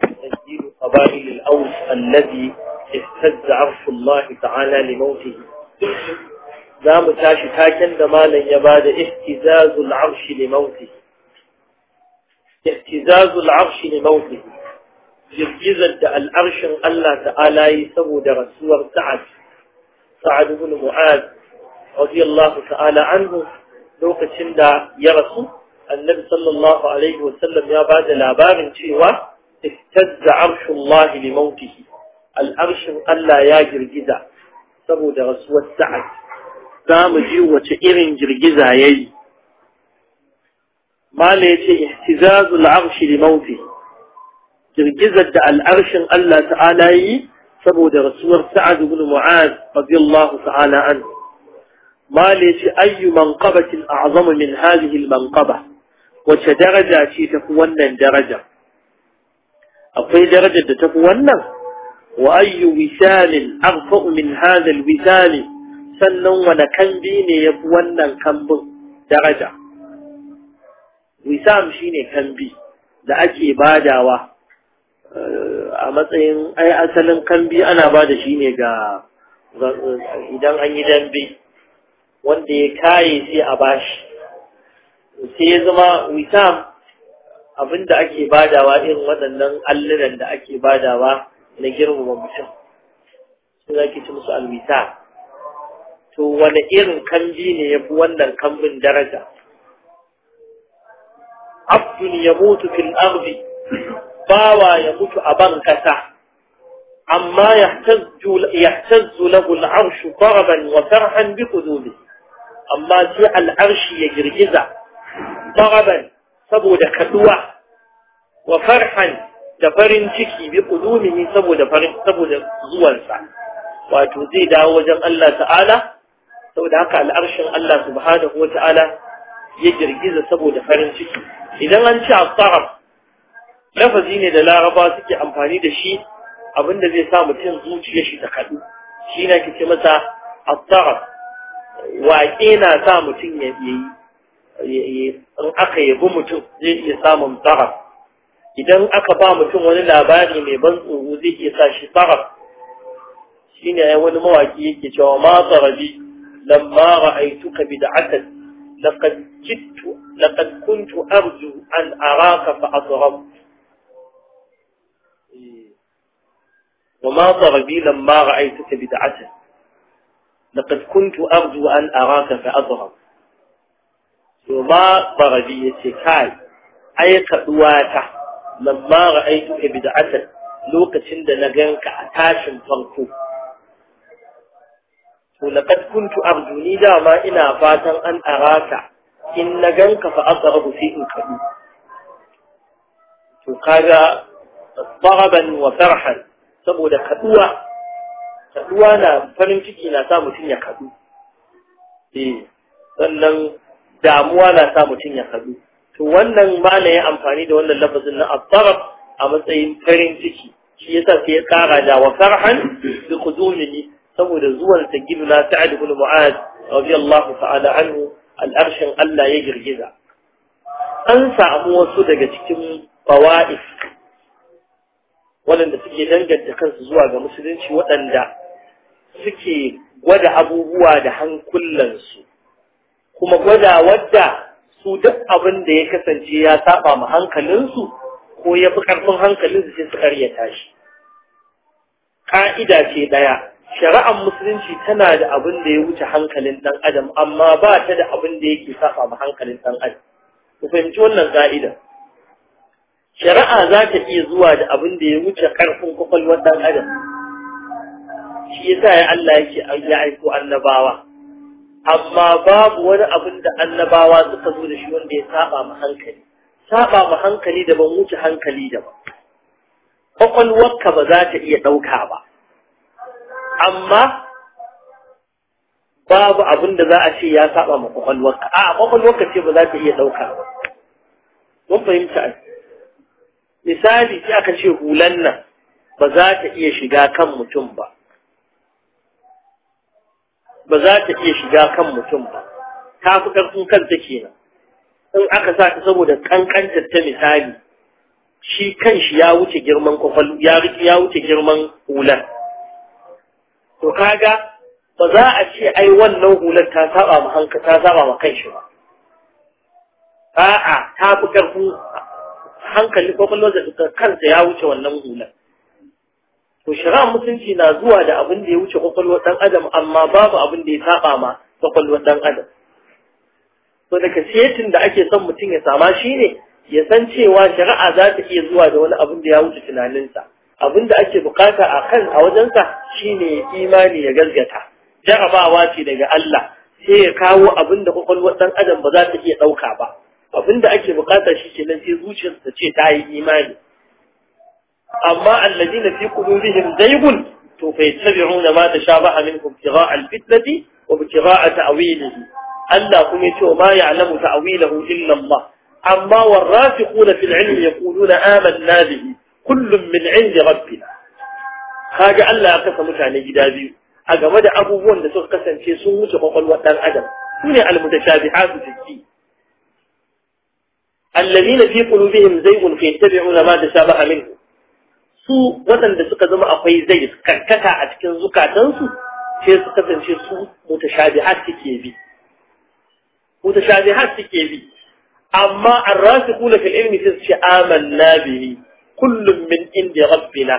تسجيل قبائل الأوس الذي اهتز عرش الله تعالى لموته دام تاشتاكا دمالا يباد اهتزاز العرش لموته اهتزاز العرش لموته جزيزا الأرش الله تعالى يسوه درسوه سعد سعد بن معاذ رضي الله تعالى عنه لو كتندا يرسوه النبي صلى الله عليه وسلم يا بعد العبار شيوا اهتز عرش الله لموته العرش ألا يا جرجزة سبو درس والسعد دام جيوة إرن جرجزة يجي ما ليتي اهتزاز العرش لموته جرجزة العرش ألا تعالى سبو درس والسعد بن معاذ رضي الله تعالى عنه ما ليتي أي منقبة أعظم من هذه المنقبة wace daraja ce ta fi wannan darajar? akwai darajar da ta fi wannan wa ayyu wisalin arfa'u min hadha sannan wani kambi ne ya fi wannan kambin daraja wisam shine kambi da ake badawa eh, a matsayin ai asalin kambi ana bada shi ne ga idan an yi dambe wanda ya kaye sai a bashi sai ya zama wisam abinda ake badawa irin waɗannan allunan da ake badawa na girmama mutum sai za ki ci musu alwisa to wani irin kambi ne ya fi wannan kambin daraja Abdul ya mutu fil ardi bawa ya mutu a ban kasa amma yahtazzu lahu al-arshu wa farhan bi zobe. amma sai al'arshi ya girgiza ضغبا سبود كدوة وفرحا دفرن تكي بقدومه سبود فرن سبود زوانسا وتزيد وجن الله تعالى سبود هكا الأرش الله سبحانه وتعالى يجرجز سبود فرن تكي إذا أنت الطرف lafazi ne da laraba suke amfani da shi abinda zai sa mutum zuciya shi ta kaɗu shi na kice masa attara waƙe na sa mutum ya yi in aka yabi mutum zai iya samun tsahar idan aka ba mutum wani labari mai ban tsoro zai iya sa shi tsara shi ne wani mawaki yake cewa ma tsarabi lamma ra'aituka bid'atan laqad jittu laqad kuntu arju an araka fa asrab wa ma tsarabi lamma ra'aituka bid'atan laqad kuntu arju an araka fa asrab ma baradi ya ce kai, ai kaɗuwata, lamma ra'aitu ka lokacin da na ganka a tashin farko. To kad kuntu da dama ina fatan an araka in na ganka fa asrabu fi in kadu. To kaga wa farhan saboda kaduwa kaduwa na farin ciki na sa mutum ya kadu eh sannan damuwa na sa mutum ya haɗu to wannan na yi amfani da wannan lafazin na abdarab a matsayin farin ciki shi yasa sai ya tsara da wa farhan bi qudunihi saboda zuwan na sa'ad ibn mu'az radiyallahu ta'ala anhu al'arshin Allah ya girgiza an samu wasu daga cikin bawa'is waɗanda suke danganta kansu zuwa ga musulunci waɗanda suke gwada abubuwa da hankulansu kuma gwada wadda su duk abin da ya kasance ya saba ma hankalinsu ko ya fi ƙarfin hankalinsu sai su ƙaryata shi ƙa'ida ce ɗaya shari'ar musulunci tana da abin da ya wuce hankalin ɗan adam amma ba ta da abin da yake saba ma hankalin ɗan adam ku fahimci wannan ƙa'ida shari'a za ta iya zuwa da abin da ya wuce ƙarfin kwakwalwar ɗan adam shi yasa ya Allah yake ya aiko annabawa amma babu wani abin da annabawa suka zo da shi wanda ya saba ma hankali saba ma hankali da ban wuce hankali da ba kwakwalwarka ba za ta iya ɗauka ba amma babu abin da za a ce ya saba ma kwakwalwarka a kwakwalwarka ce ba za ta iya ɗauka ba mun fahimta misali sai aka ce hulan nan ba za ta iya shiga kan mutum ba ba za ta iya shiga kan mutum ba ta fi ƙarfin kanta kenan in aka sa ta saboda ƙanƙantar ta misali shi kan shi ya wuce girman kwakwal ya ya wuce girman hular to kaga ba za a ce ai wannan hular ta saba ma hanka ta saba ma kan shi ba a'a ta fi ƙarfin hankali kwakwalwar da kansa ya wuce wannan hular to shari'ar musulunci na zuwa da abin da ya wuce kwakwalwar dan adam amma babu abin da ya saba ma kwakwalwar dan adam to daga setin da ake son mutum ya sama shine ya san cewa shari'a za ta iya zuwa da wani abin da ya wuce tunaninsa abin da ake bukata a kan a wajensa shine imani ya gazgata jarabawa ce daga Allah sai ya kawo abin da kwakwalwar dan adam ba za ta iya ɗauka ba abin da ake bukata shi kenan sai zuciyarsa ce ta yi imani أما الذين في قلوبهم زيغ فيتبعون ما تشابه منهم ابتغاء الفتنة وابتغاء تأويله ألا كم يتوى ما يعلم تأويله إلا الله أما والرافقون في العلم يقولون آمنا به كل من عند ربنا هذا ألا أقسم متعني جدابي أقمد أبوون لسوء قسم في سوء وقال وقال أدم هنا المتشابهات في الدين الذين في قلوبهم زيغ فيتبعون ما تشابه منه su waɗanda suka zama akwai zai karkata a cikin zukatansu sai su kasance su mutashabihat suke bi mutashabihat suke bi amma ar-rasikhuna fil ilmi sai su ce amanna bihi kullum min indi rabbina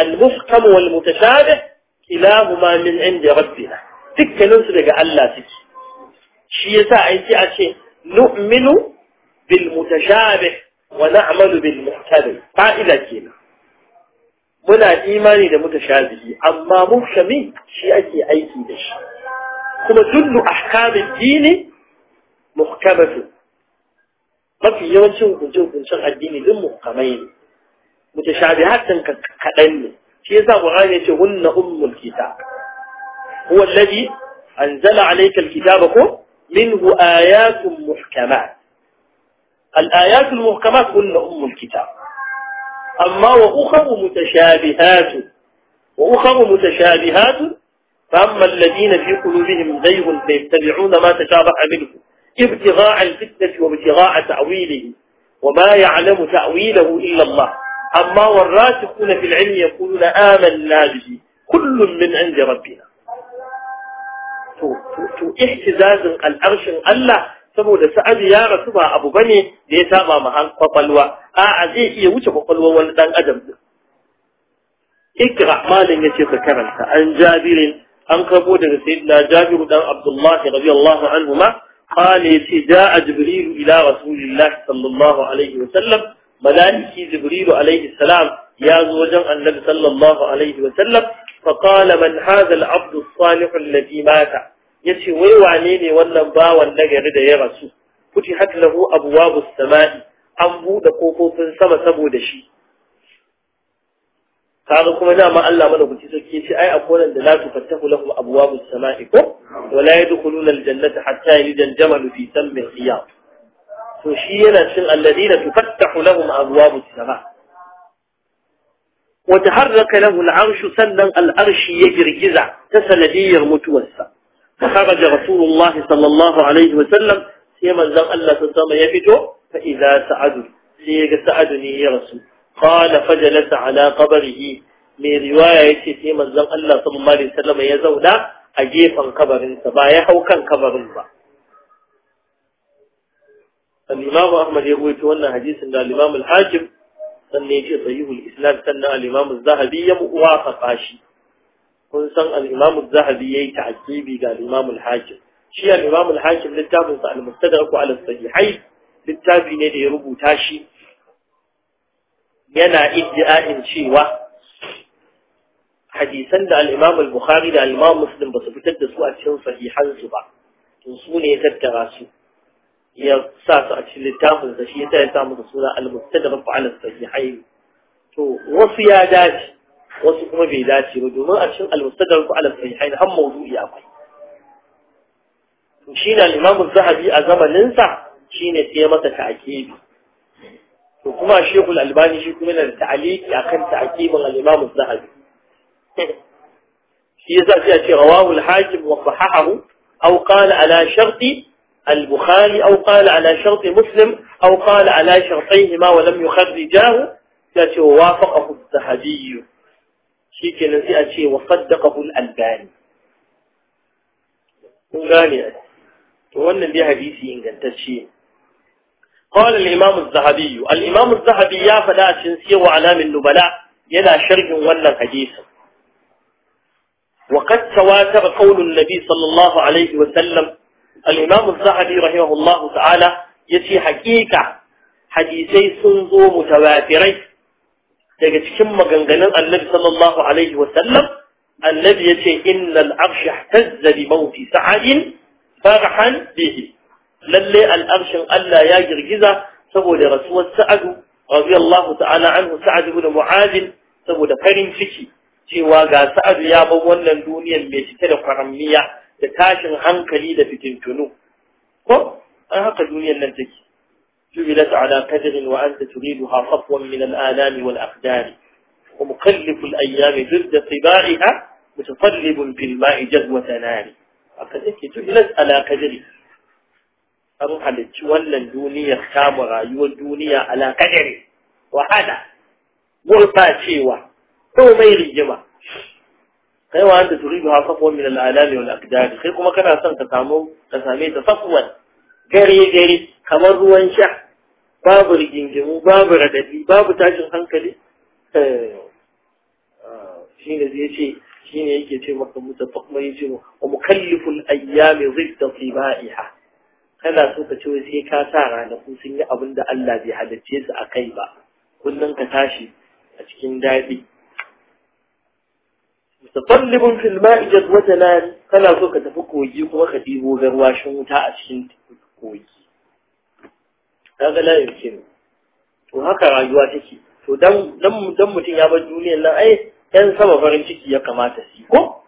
al-muhkam wal mutashabih kilahuma min indi rabbina dukkanin su daga Allah suke shi yasa ai sai a ce nu'minu bil mutashabih wa na'malu bil muhkam fa'ila kenan muna imani da mutashabihi amma muhkami shi ake aiki da shi kuma dukkan ahkamin dini muhkamatu mafi yawancin hukunce hukuncen addini din muhkamai ne mutashabihatan kaɗan ne shi yasa qur'ani ya ce hunna ummul kitab huwa alladhi anzala alayka alkitaba ku minhu ayatun muhkamat الآيات المحكمات هن أم الكتاب أما وأخر متشابهات وأخر متشابهات فأما الذين في قلوبهم زيغ فيتبعون ما تشابه منه ابتغاء الفتنة وابتغاء تأويله وما يعلم تأويله إلا الله أما والراسخون في العلم يقولون آمنا به كل من عند ربنا تو احتزاز الأرش الله saboda sa'adu ya rasu ba abu bane da ya saba ma kwakwalwa a'a zai iya wuce kwakwalwar wani dan adam din ikra malin yace ka karanta an jabirin an karbo daga sayyidina jabiru dan abdullah radiyallahu anhu ma qala yace jaa jibril ila rasulillah sallallahu alaihi wa sallam malaiki jibril alaihi salam ya zo wajen annabi sallallahu alaihi wa sallam fa qala man hadha al-abd as-salih alladhi mata yace wai wane ne wannan bawan nagari da ya rasu kuti lahu abuwabu sama'i an buɗe kofofin sama saboda shi kaga kuma ma Allah mana kuci sai ce ai akwai wanda da la tufattahu lahum abwabus sama'i ko wala yadkhuluna aljannata hatta yalija aljamal fi sammi alqiyam to shi yana cin alladina tufattahu lahum abwabus sama' wa taharraka lahu al'arshu sannan al'arshi ya girgiza ta sanadiyar mutuwarsa فخرج رسول الله صلى الله عليه وسلم سيما زم الله تسمى يفتو فإذا سعد سيغ سعدني يا رسول قال فجلس على قبره من رواية سيما زم الله صلى الله عليه وسلم يزولا أجيفا قبر سبا يحو كان قبر با الإمام أحمد يقول تولى حديث عند الإمام الحاكم سنة صحيح الإسلام سنة الإمام الذهبي موافق عشي kun san al-Imam az-Zahabi yayi ta'kibi ga al-Imam al-Hakim shi al-Imam al-Hakim littafin sa al-Mustadrak ala littafi ne da ya rubuta shi yana iddia'in cewa hadisan da al-Imam al-Bukhari da al-Imam Muslim ba su fitar da su a cikin sahihan su ba to su ne ya tattara su ya sa su a cikin littafin sa shi ya sa ya sa musu suna al-Mustadrak ala sahihai to wasu ya dace wasu kuma bai dace ba domin a cikin al-mustadrak ko al-sahihain har mawdu'i akwai to shi ne al-imam zahabi a zamanin sa shi ne sai masa ta'kibi to kuma shehu al-albani shi kuma yana da ta'aliki akan ta'kibin al-imam zahabi shi yasa sai a ce rawahu al-hakim wa sahahahu aw qala ala sharti البخاري أو قال على شرط مسلم أو قال على شرطيهما ولم يخرجاه التي وافقه الذهبي shi kenan أشي وصدقه الألباني wa saddaqahu al-albani kun gane to قال الإمام الذهبي الإمام الذهبي يا فلا تنسي وعلى من نبلاء يلا شرق ولا حديث وقد تواتر قول النبي صلى الله عليه وسلم الإمام الذهبي رحمه الله تعالى يتي حقيقة حديثي سنزو متواترين daga cikin maganganun annabi sallallahu alaihi wa sallam annabi yace innal arsh ihtazza bi mawti sa'in farhan bihi lalle al'arshin Allah ya girgiza saboda rasuwar sa'adu radiyallahu ta'ala anhu sa'ad ibn mu'adh saboda farin ciki cewa ga sa'adu ya bar wannan duniyar mai cike da kwarammiya da tashin hankali da fitintunu ko an haka duniyar nan take جعلت على كدر وأنت تريدها صفوا من الآلام والأقدار ومكلف الأيام ضد طباعها متطلب في الماء جذوة نار أقدرك جعلت على كدر أروح لتولى الدنيا اختام غايو على كدر وهذا مرطى شيوة هو مير الجمع قيوة أنت تريدها صفوا من الآلام والأقدار خيركم كان أسان تتعمل تسامي تصفوا gare gare kamar ruwan sha babu rigingimu babu radadi babu tashin hankali eh, ah, shi ne zai ce shi ne yake ce maka musa kuma ya ce wa mukallifun ayyami zidda fiba'iha kana so ka ce sai ka sa ranaku sun yi abin da Allah bai halicce su a kai ba kullum ka tashi a cikin daɗi filma fil wata jadwata kana so ka tafi kogi kuma ka ɗibo garwashin wuta a cikin koyi kaga la yumkin to haka rayuwa take to dan dan dan mutum ya bar duniyar nan ai yan sama farin ciki ya kamata su ko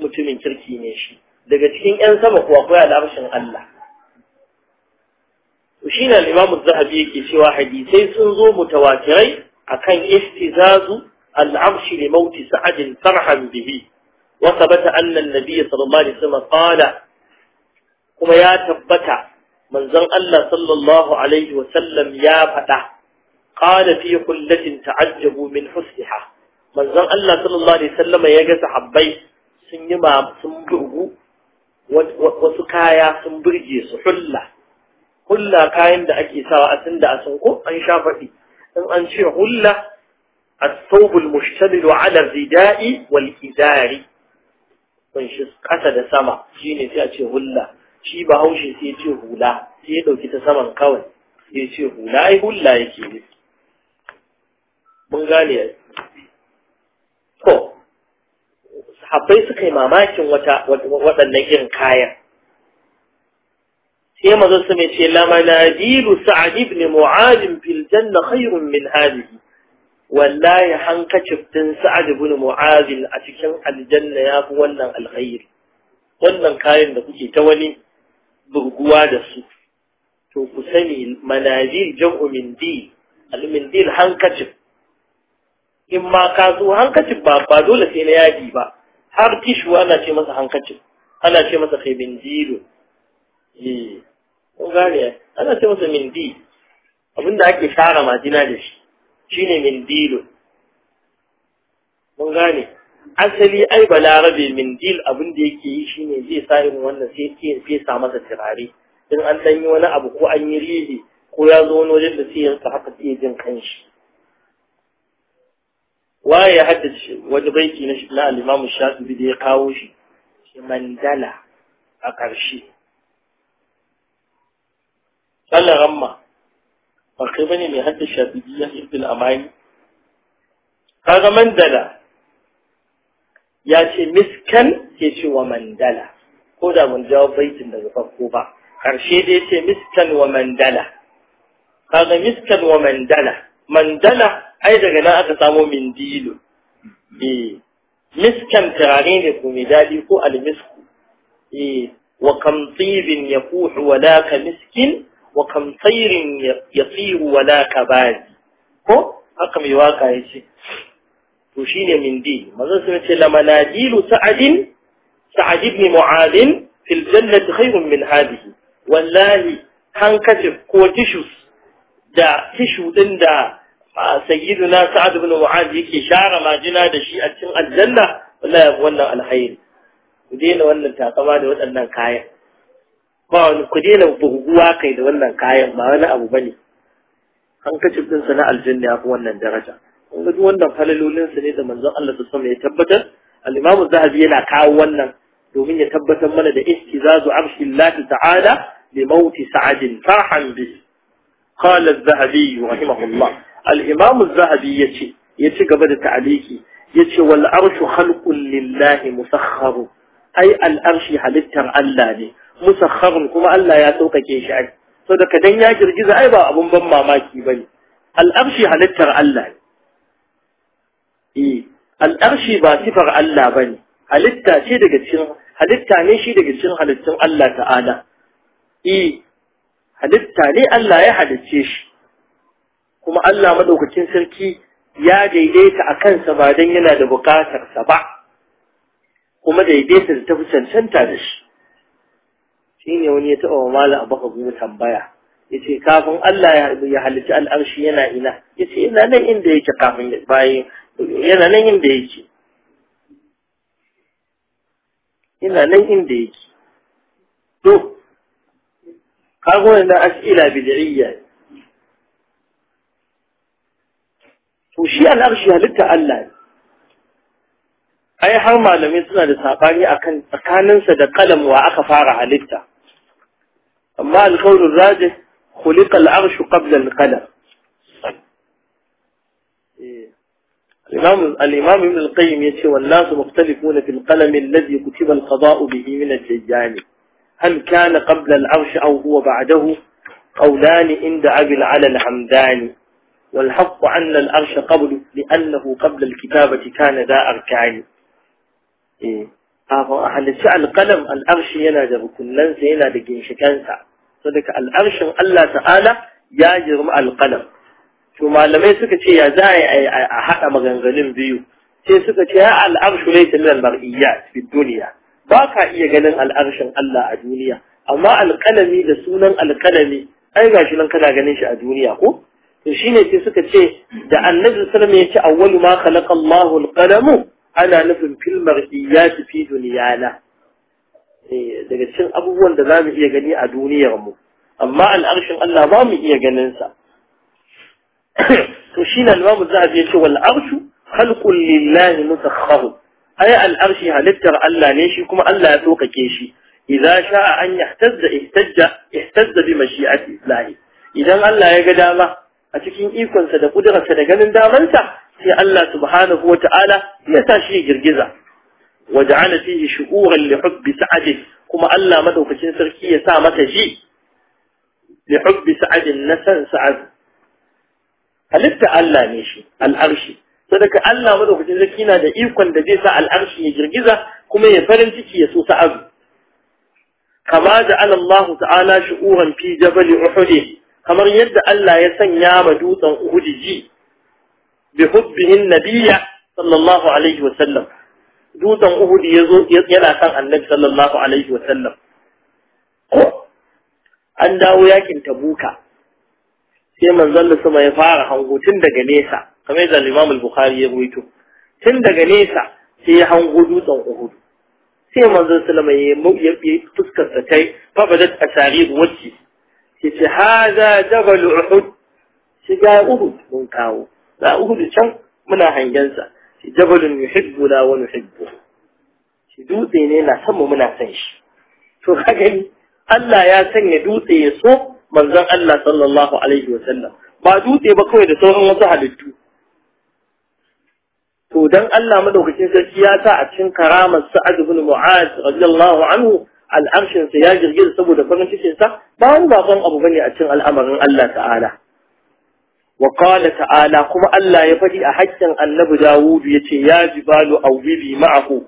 mutumin kirki ne shi daga cikin yan sama kuwa akwai al'arshin Allah to shine al-Imam az-Zahabi yake cewa hadisai sun zo mutawatirai akan istizazu al-arsh li mauti sa'ad farhan bihi wa thabata anna an-nabiy sallallahu alaihi wasallam qala kuma ya tabbata manzon Allah sallallahu alaihi wasallam ya faɗa qala fi kullatin ta'ajjabu min husniha manzon Allah sallallahu alaihi wasallam ya ga sahabbai sun yi ma sun burgu wasu kaya sun burge su hulla hulla kayan da ake sawa a tunda a sunko an sha faɗi in an ce hulla الثوب المشتمل على الرداء والإزار من شس قسد سما شيني تأتي هلا shi bahaushe sai ce hula sai ya ɗauki ta saman kawai sai ce hula ai hula yake ne mun gane ko sahabbai suka yi mamakin wata waɗannan irin kayan sai manzon su mai ce la manadilu sa'ad ibn mu'adin fil janna khairun min hadhihi wallahi hankacin din sa'ad ibn mu'adin a cikin aljanna yafi wannan alkhairi wannan kayan da kuke ta wani burguwa da su to ku sani manazil jam'u min di al-mindil hankacin in ma ka zo hankacin ba ba dole sai na yadi ba har Kishuwa ana ce masa hankacin ana ce masa kai min dilo eh ko gane ana ce masa min di da ake share majina da shi shine min dilo mun gane asali ai balarabe min dil abin da yake yi shine zai sa irin wannan sai ya fesa masa turare in an dan yi wani abu ko an yi rihi ko ya zo wani wajen da sai ya rika haka sai jin kanshi waye ya haddace wani baiti na shi na imam Shafi'i da ya kawo shi shi mandala a ƙarshe sallar ramma ba kai bane mai haddace Shafi'i ya ibn amani kaga mandala ya ce miskan sai ce wa mandala ko da mun jawo baitin daga farko ba karshe dai ce miskan wa mandala kaga miskan wa mandala mandala ai daga nan aka samo mindilo eh miskan turare ne ko midali ko almisku eh wa kam tibin yafuhu wala ka miskin wa kam tayrin yasiru wala ka bazi ko haka mai waka yace to shine mindi manzon sai ce la manadilu sa'adin sa'ad ibn mu'adh fil jannati khayrun min hadhihi wallahi handkerchief ko tissues da tissue din da sayyiduna sa'ad ibn mu'adh yake share majina da shi a cikin aljanna wallahi wannan alkhairi ku daina wannan takama da waɗannan kayan ba wani ku daina buguwa kai da wannan kayan ba wani abu bane handkerchief din sa na aljanna ya fi wannan daraja kun ga duk wannan falalolin su ne da manzon Allah sallallahu alaihi wasallam ya tabbatar al-Imam zahabi yana kawo wannan domin ya tabbatar mana da ihtizazu arshillahi ta'ala bi mauti sa'adin farhan bi qala az-zahabi rahimahullah al-Imam zahabi yace ya ci gaba da ta'aliki yace wal arshu khalqun lillahi musakharu ai al'arshi halittar Allah ne musakharun kuma Allah ya saukake shi ai so da kadan ya girgiza ai ba abun ban mamaki bane al'arshi halittar Allah ne al'arshi ba sifar Allah ba ne halitta ce daga cikin halitta ne shi daga cikin halittun Allah ta'ala i e, halitta ne Allah ya halicce shi kuma Allah madaukakin sarki ya daidaita a kansa ba don yana da bukatarsa ba kuma daidaita da tafi cancanta da shi shi ne wani ya taɓa wa mala a baka gudu tambaya ya kafin Allah ya halitta al'arshi yana ina ya ina nan inda yake kafin bayan yana nan inda yake ina nan inda yake to kago wannan as'ila bid'iyya to shi al'arshi halitta Allah ne ai har malamai suna da sabani akan tsakaninsa da kalam wa aka fara halitta amma alqawlur rajih khuliqa al'arshu qabla al-qalam الإمام, الإمام ابن القيم يتي والناس مختلفون في القلم الذي كتب القضاء به من الججان هل كان قبل العرش أو هو بعده قولان عند أبي على الحمدان والحق أن العرش قبل لأنه قبل الكتابة كان ذا أركان halicci إيه. alƙalam القلم yana da rukunansa yana da ginshikansa sadaka al'arshin Allah ta'ala ya girma القلم to malamai suka ce ya za a haɗa maganganun biyu sai suka ce ya al'arshu laysa min al-mar'iyyat fi duniya. ba ka iya ganin al'arshin Allah a duniya amma alƙalami da sunan alƙalami ai gashi nan kana ganin shi a duniya ko to shine sai suka ce da annabi sallallahu ya ce awwalu ma khalaqa Allahu al ana nufin fil mar'iyyat fi duniyana. Eh, daga cikin abubuwan da za mu iya gani a duniyar mu amma al'arshin Allah ba mu iya ganin sa تشين الوام الزعب والعرش خلق لله نتخه أي العرش هلتر ألا نيشي كما ألا يتوق كيشي إذا شاء أن يهتز اهتج اهتز بمشيئة الله إذا ألا يقدام أتكين إيكون صدق ودغة صدقا من دامنت في ألا سبحانه وتعالى يتاشي جرجزة وجعل فيه شؤورا لحب سعد كما ألا مدوك شنسركي سامتجي لحب سعد نسا سعد halitta Allah ne shi al'arshi sadaka Allah madaukakin zaki na da ikon da zai sa al'arshi ya girgiza kuma ya farin ciki ya so ta azu kama da Allah ta'ala shu'uran fi jabal uhud kamar yadda Allah ya sanya ma dutsen uhud ji bi hubbihin nabiyya sallallahu alaihi wa sallam dutsen uhud yazo yana kan annabi sallallahu alaihi wa sallam an dawo yakin tabuka sai manzon da sama ya fara hango tun daga nesa kamar yadda Imam al-Bukhari ya ruwaito tun daga nesa sai ya hango dutsen Uhud sai manzon sallama ya ya fuskar sa kai. fa badat asarib wacce sai ce hada jabal Uhud shi ga Uhud mun kawo da Uhud can muna hangen sa shi jabalun yuhibbuna wa nuhibbu shi dutse ne na san mu muna san shi to ka gani Allah ya sanya dutse ya so manzon Allah sallallahu alaihi wa sallam ba dutse ba kawai da sauran wasu halittu to dan Allah madaukakin sarki ya sa a cikin karamar Sa'ad ibn Mu'adh radiyallahu anhu al'arshin sa ya girgiza saboda farin cikin sa ba wani bakon abu bane a cikin al'amarin Allah ta'ala wa qala ta'ala kuma Allah ya faɗi a hakkin Annabi Dawud yace ya jibalu awbibi ma'ahu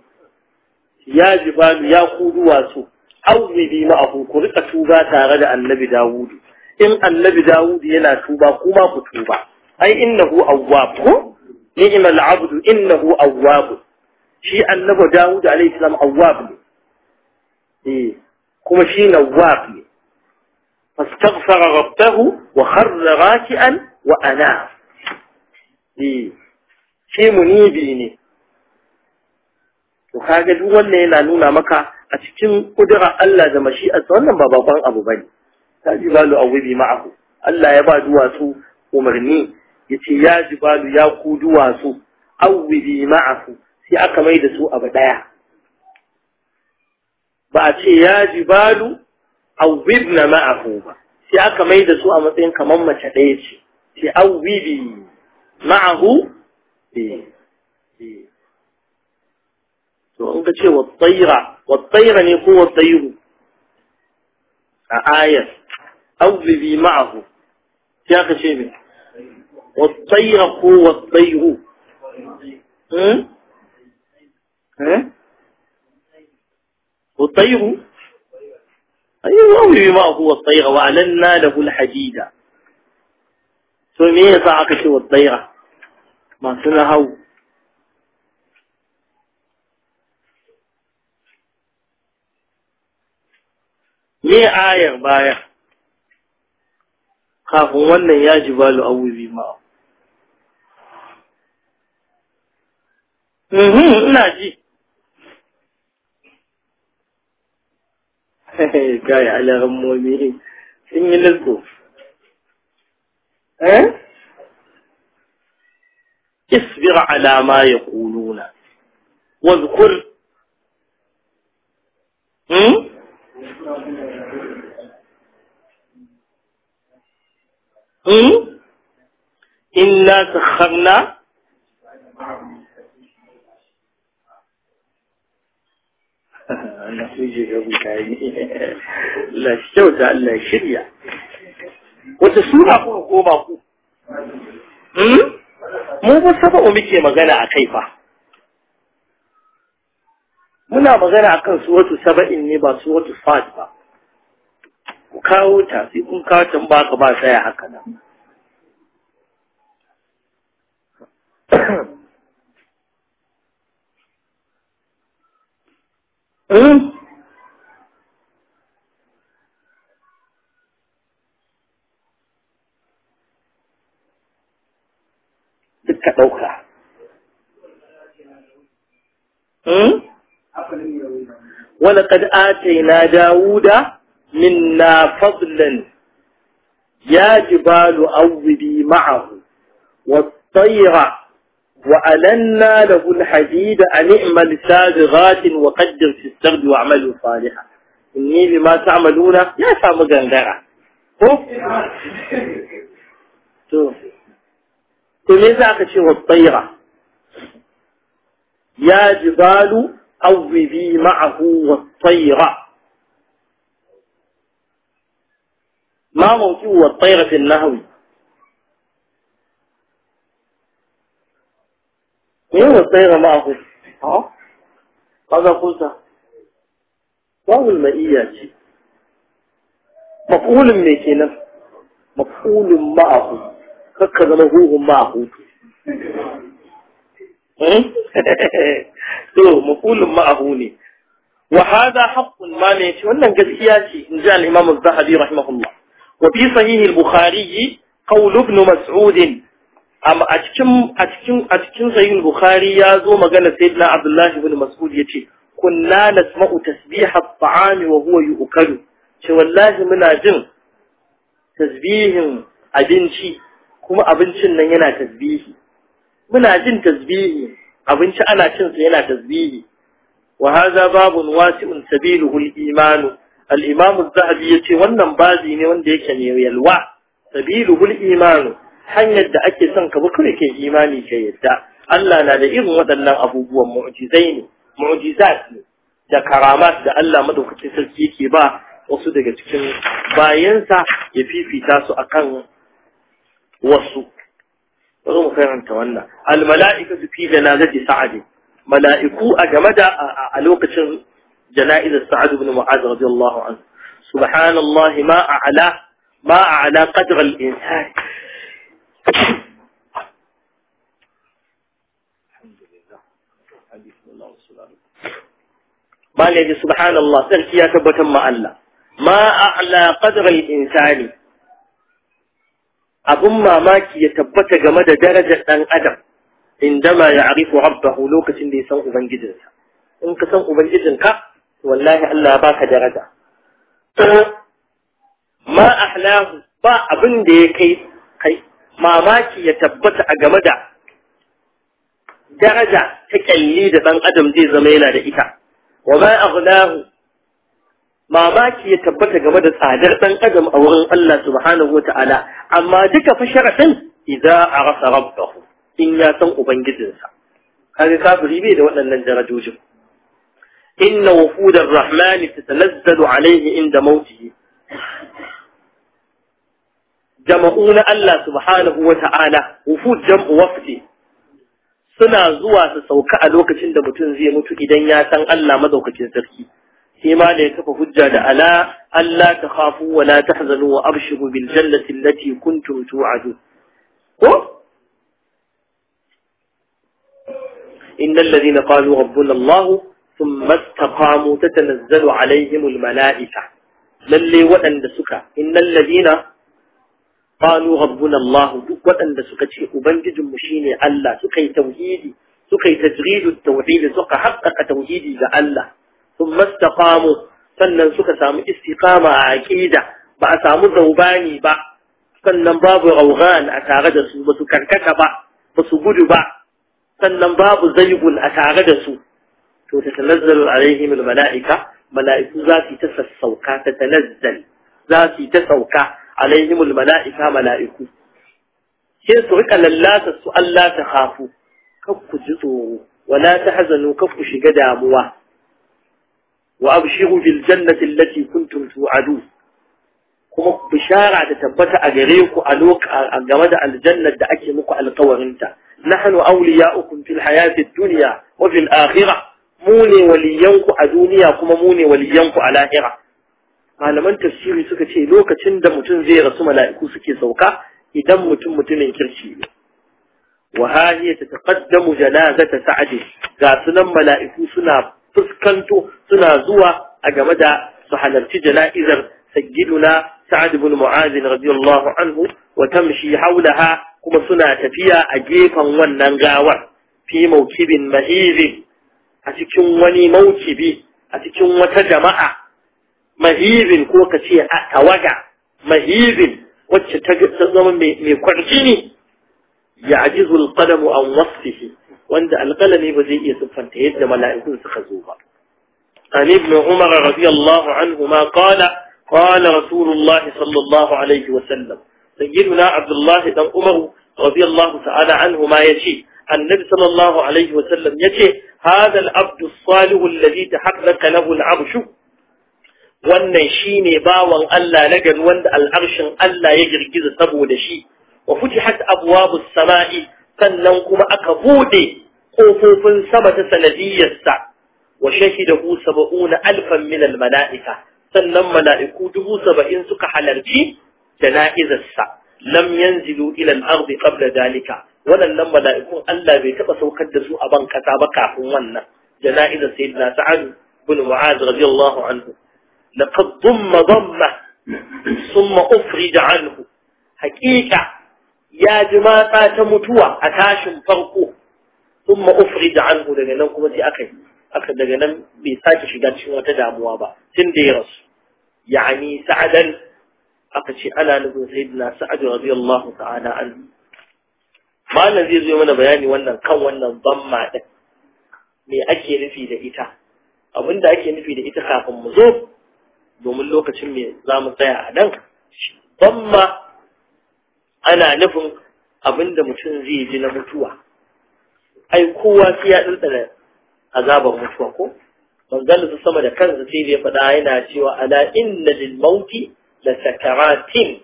ya jibalu ya kudu wasu awwidi ma'ahu ku rika tuba tare da annabi Dawud in annabi Dawud yana tuba kuma ku tuba ai innahu awwab ko ni'mal abdu innahu awwab shi annabi Dawud alayhi salam awwab ne eh kuma shi nawwab ne fastaghfara rabbahu wa kharra raki'an wa ana eh shi munibi ne to kaga duk wannan yana nuna maka a cikin kudura Allah da mashi'arsa wannan ba bakon abu bane ta jibalu awwibi ma'ahu Allah ya ba duwatsu umarni yace ya jibalu ya ku duwatsu awwibi ma'ahu sai aka mai da su abu daya ba a ce ya jibalu na ma'ahu ba sai aka mai da su a matsayin kamar mace ɗaya ce sai awwibi ma'ahu to in ka ce wa tsaira والطير ne ko wasayihu a ayat awzibi ma'ahu ya ka ce min wasayira ko wasayihu wasayihu ayyuhu awzibi ma'ahu wasayira wa alanna lahu alhadida to me yasa aka ce wasayiha masu na me ayar baya kafin wannan ya ji balu awuzi ma ina ji kai alaran momi sun yi lalko eh isbir ala ma yaquluna واذكر inna sakharna Allah shi ga mutane Allah shirya wata sura koma ku mu ba muke magana a kai fa muna magana akan suwatu saba'in ne ba suwatu fat ba ku kawo ta sai kun kawo ta ba ka ba saya haka nan Duk ka ɗauka. Hmm? Wani ƙad'atai na Dawuda منا فضلا يا جبال أوبي معه والطير وألنا له الحديد أن اعمل سابغات وقدر في السرد واعملوا صالحا إني بما تعملون يا سام غندرة to me والطيرة يا جبال wa معه والطيرة ما موقعه الطيرة النهوي إيه مين الطيرة ما أقول ها ماذا قلت وهو المئية مفعول ميكينا إيه مفعول ما أقول كذا مهوه ما أقول تو مفعول ما أقولي إيه؟ وهذا حق ما نيتي وانا نقل سياسي نجال الإمام الزهدي رحمه الله وفي صحيح البخاري قول ابن مسعود أما أتكم أتكم أتكم صحيح البخاري يازو مقال سيدنا عبد الله بن مسعود يتي كنا نسمع تسبيح الطعام وهو يؤكل والله من أجل تسبيح أبنشي كما abincin nan yana tasbihi muna jin tasbihi abinci ana cin sa yana tasbihi wa hadha babun wasi'un sabiluhu al-iman al-imam az-zahabi yace wannan bazi ne wanda yake ne yalwa sabilul iman hanyar da ake son ka bi kawai kai imani ka yadda Allah na da irin waɗannan abubuwan mu'jizai ne mu'jizat ne da karamat da Allah madaukakin sarki yake ba wasu daga cikin bayansa ya fifita su akan wasu bari mu karanta wannan al mala'ikatu fi janazati sa'ad mala'iku a game da a lokacin جنائز سعد بن معاذ رضي الله عنه سبحان الله ما أعلى ما أعلى قدر الإنسان ما الذي سبحان الله سلكي يا تبت ما ألا ما أعلى قدر الإنسان أبو ما ماك يثبت جمد درجة أن أدم عندما يعرف ربه لوكس لوكة لسوء بنجدرسا إنك سوء بنجدرسا wallahi Allah ya baka daraja ma ahlahu ba abin da ya kai kai mamaki ya tabbata a game da daraja ta kyalli da dan adam zai zama yana da ita wa ma aghlahu mamaki ya tabbata game da tsadar dan adam a wurin Allah subhanahu wataala amma duka fa sharadin idza arafa rabbahu in ya san ubangijinsa kaga kafiri bai da waɗannan darajojin إن وفود الرحمن تتلذذ عليه عند موته جمعون ألا سبحانه وتعالى وفود جمع وفدي. سنا زوا سسوكاء لوكة عندما تنزي موت إذن ياتن ألا مذوكة تركي إما ليتف حجة لألا ألا تخافوا ولا تحزنوا وأبشروا بالجنة التي كنتم توعدوا إن الذين قالوا ربنا الله ثم استقاموا تتنزل عليهم الملائكة للي وأن دسكا إن الذين قالوا ربنا الله دك دسكا سكا أبنجد مشيني ألا سكي توحيدي سكي تجريد التوحيد سكا حقق توحيدي لألا ثم استقاموا sannan suka samu استقامة عكيدة با ba ذوباني با zaubani باب غوغان babu rauhan a tare da su ba su karkata ba ba تتنزل عليهم الملائكة ملائكة ذات تسوكا تتنزل ذات تسوكا عليهم الملائكة ملائكة كن سوكا للا تسؤال لا تخافوا كف جزوه ولا تحزنوا كف شقد أبوه وأبشروا بالجنة التي كنتم توعدون كم بشارع تتبت أغريك ألوك أغمد الجنة أكيمك القوى نحن أولياؤكم في الحياة الدنيا وفي الآخرة mu ne waliyanku a duniya kuma mu ne waliyanku a lahira malaman tafsiri suka ce lokacin da mutum zai rasu mala'iku suke sauka idan mutum mutumin kirki ne wa hahiya tataqaddamu janazata sa'd ga sunan mala'iku suna fuskanto suna zuwa a game da su halarci jana'izar sayyiduna sa'ad ibn mu'az radiyallahu anhu wa tamshi hawlaha kuma suna tafiya a gefen wannan gawar fi mawkibin mahizin a cikin wani maukibi a cikin wata jama'a mahizin ko ka ce a tawaga mahizin wacce ta zama mai kwarjini ya ajizul qadamu an wasfihi wanda alqalami ba zai iya siffanta yadda mala'ikun suka zo ba an ibn umar radiyallahu anhu ma qala qala rasulullah sallallahu alaihi wa sallam sayyiduna abdullah dan umar radiyallahu ta'ala anhu ma yace annabi sallallahu alaihi wa sallam yace هذا العبد الصالح الذي تحقق له العرش wannan shine bawan Allah na gari wanda al'arshin Allah ya girgiza saboda shi wa futihat abwabus sama'i sannan kuma aka bude ƙofofin sama ta sanadiyyarsa wa shahidahu na alfan min mala'ika sannan mala'iku dubu saba'in suka halarci jana'izarsa lam yanzilu ila al qabla dalika waɗannan mala'ikun Allah bai taɓa saukar da su a ban kasa ba kafin wannan jana'izar sayyidina sa'ad bin mu'az radiyallahu anhu laqad dumma damma thumma ufrija anhu haqiqa ya ji matsa ta mutuwa a tashin farko thumma ufrija anhu daga nan kuma sai aka aka daga nan bai sake shiga cikin wata damuwa ba tun da ya rasu yani sa'adan aka ce ana nufin sayyidina sa'ad radiyallahu ta'ala anhu malam zai zo mana bayani wannan kan wannan bamma din me ake nufi da ita abin da ake nufi da ita kafin mu zo domin lokacin me za mu tsaya a nan Bamma, ana nufin abinda mutum zai ji na mutuwa ai kowa sai ya ɗanɗana azabar mutuwa ko manzon su sama da kansa sai da faɗa yana cewa ala inna lil mauti la sakaratin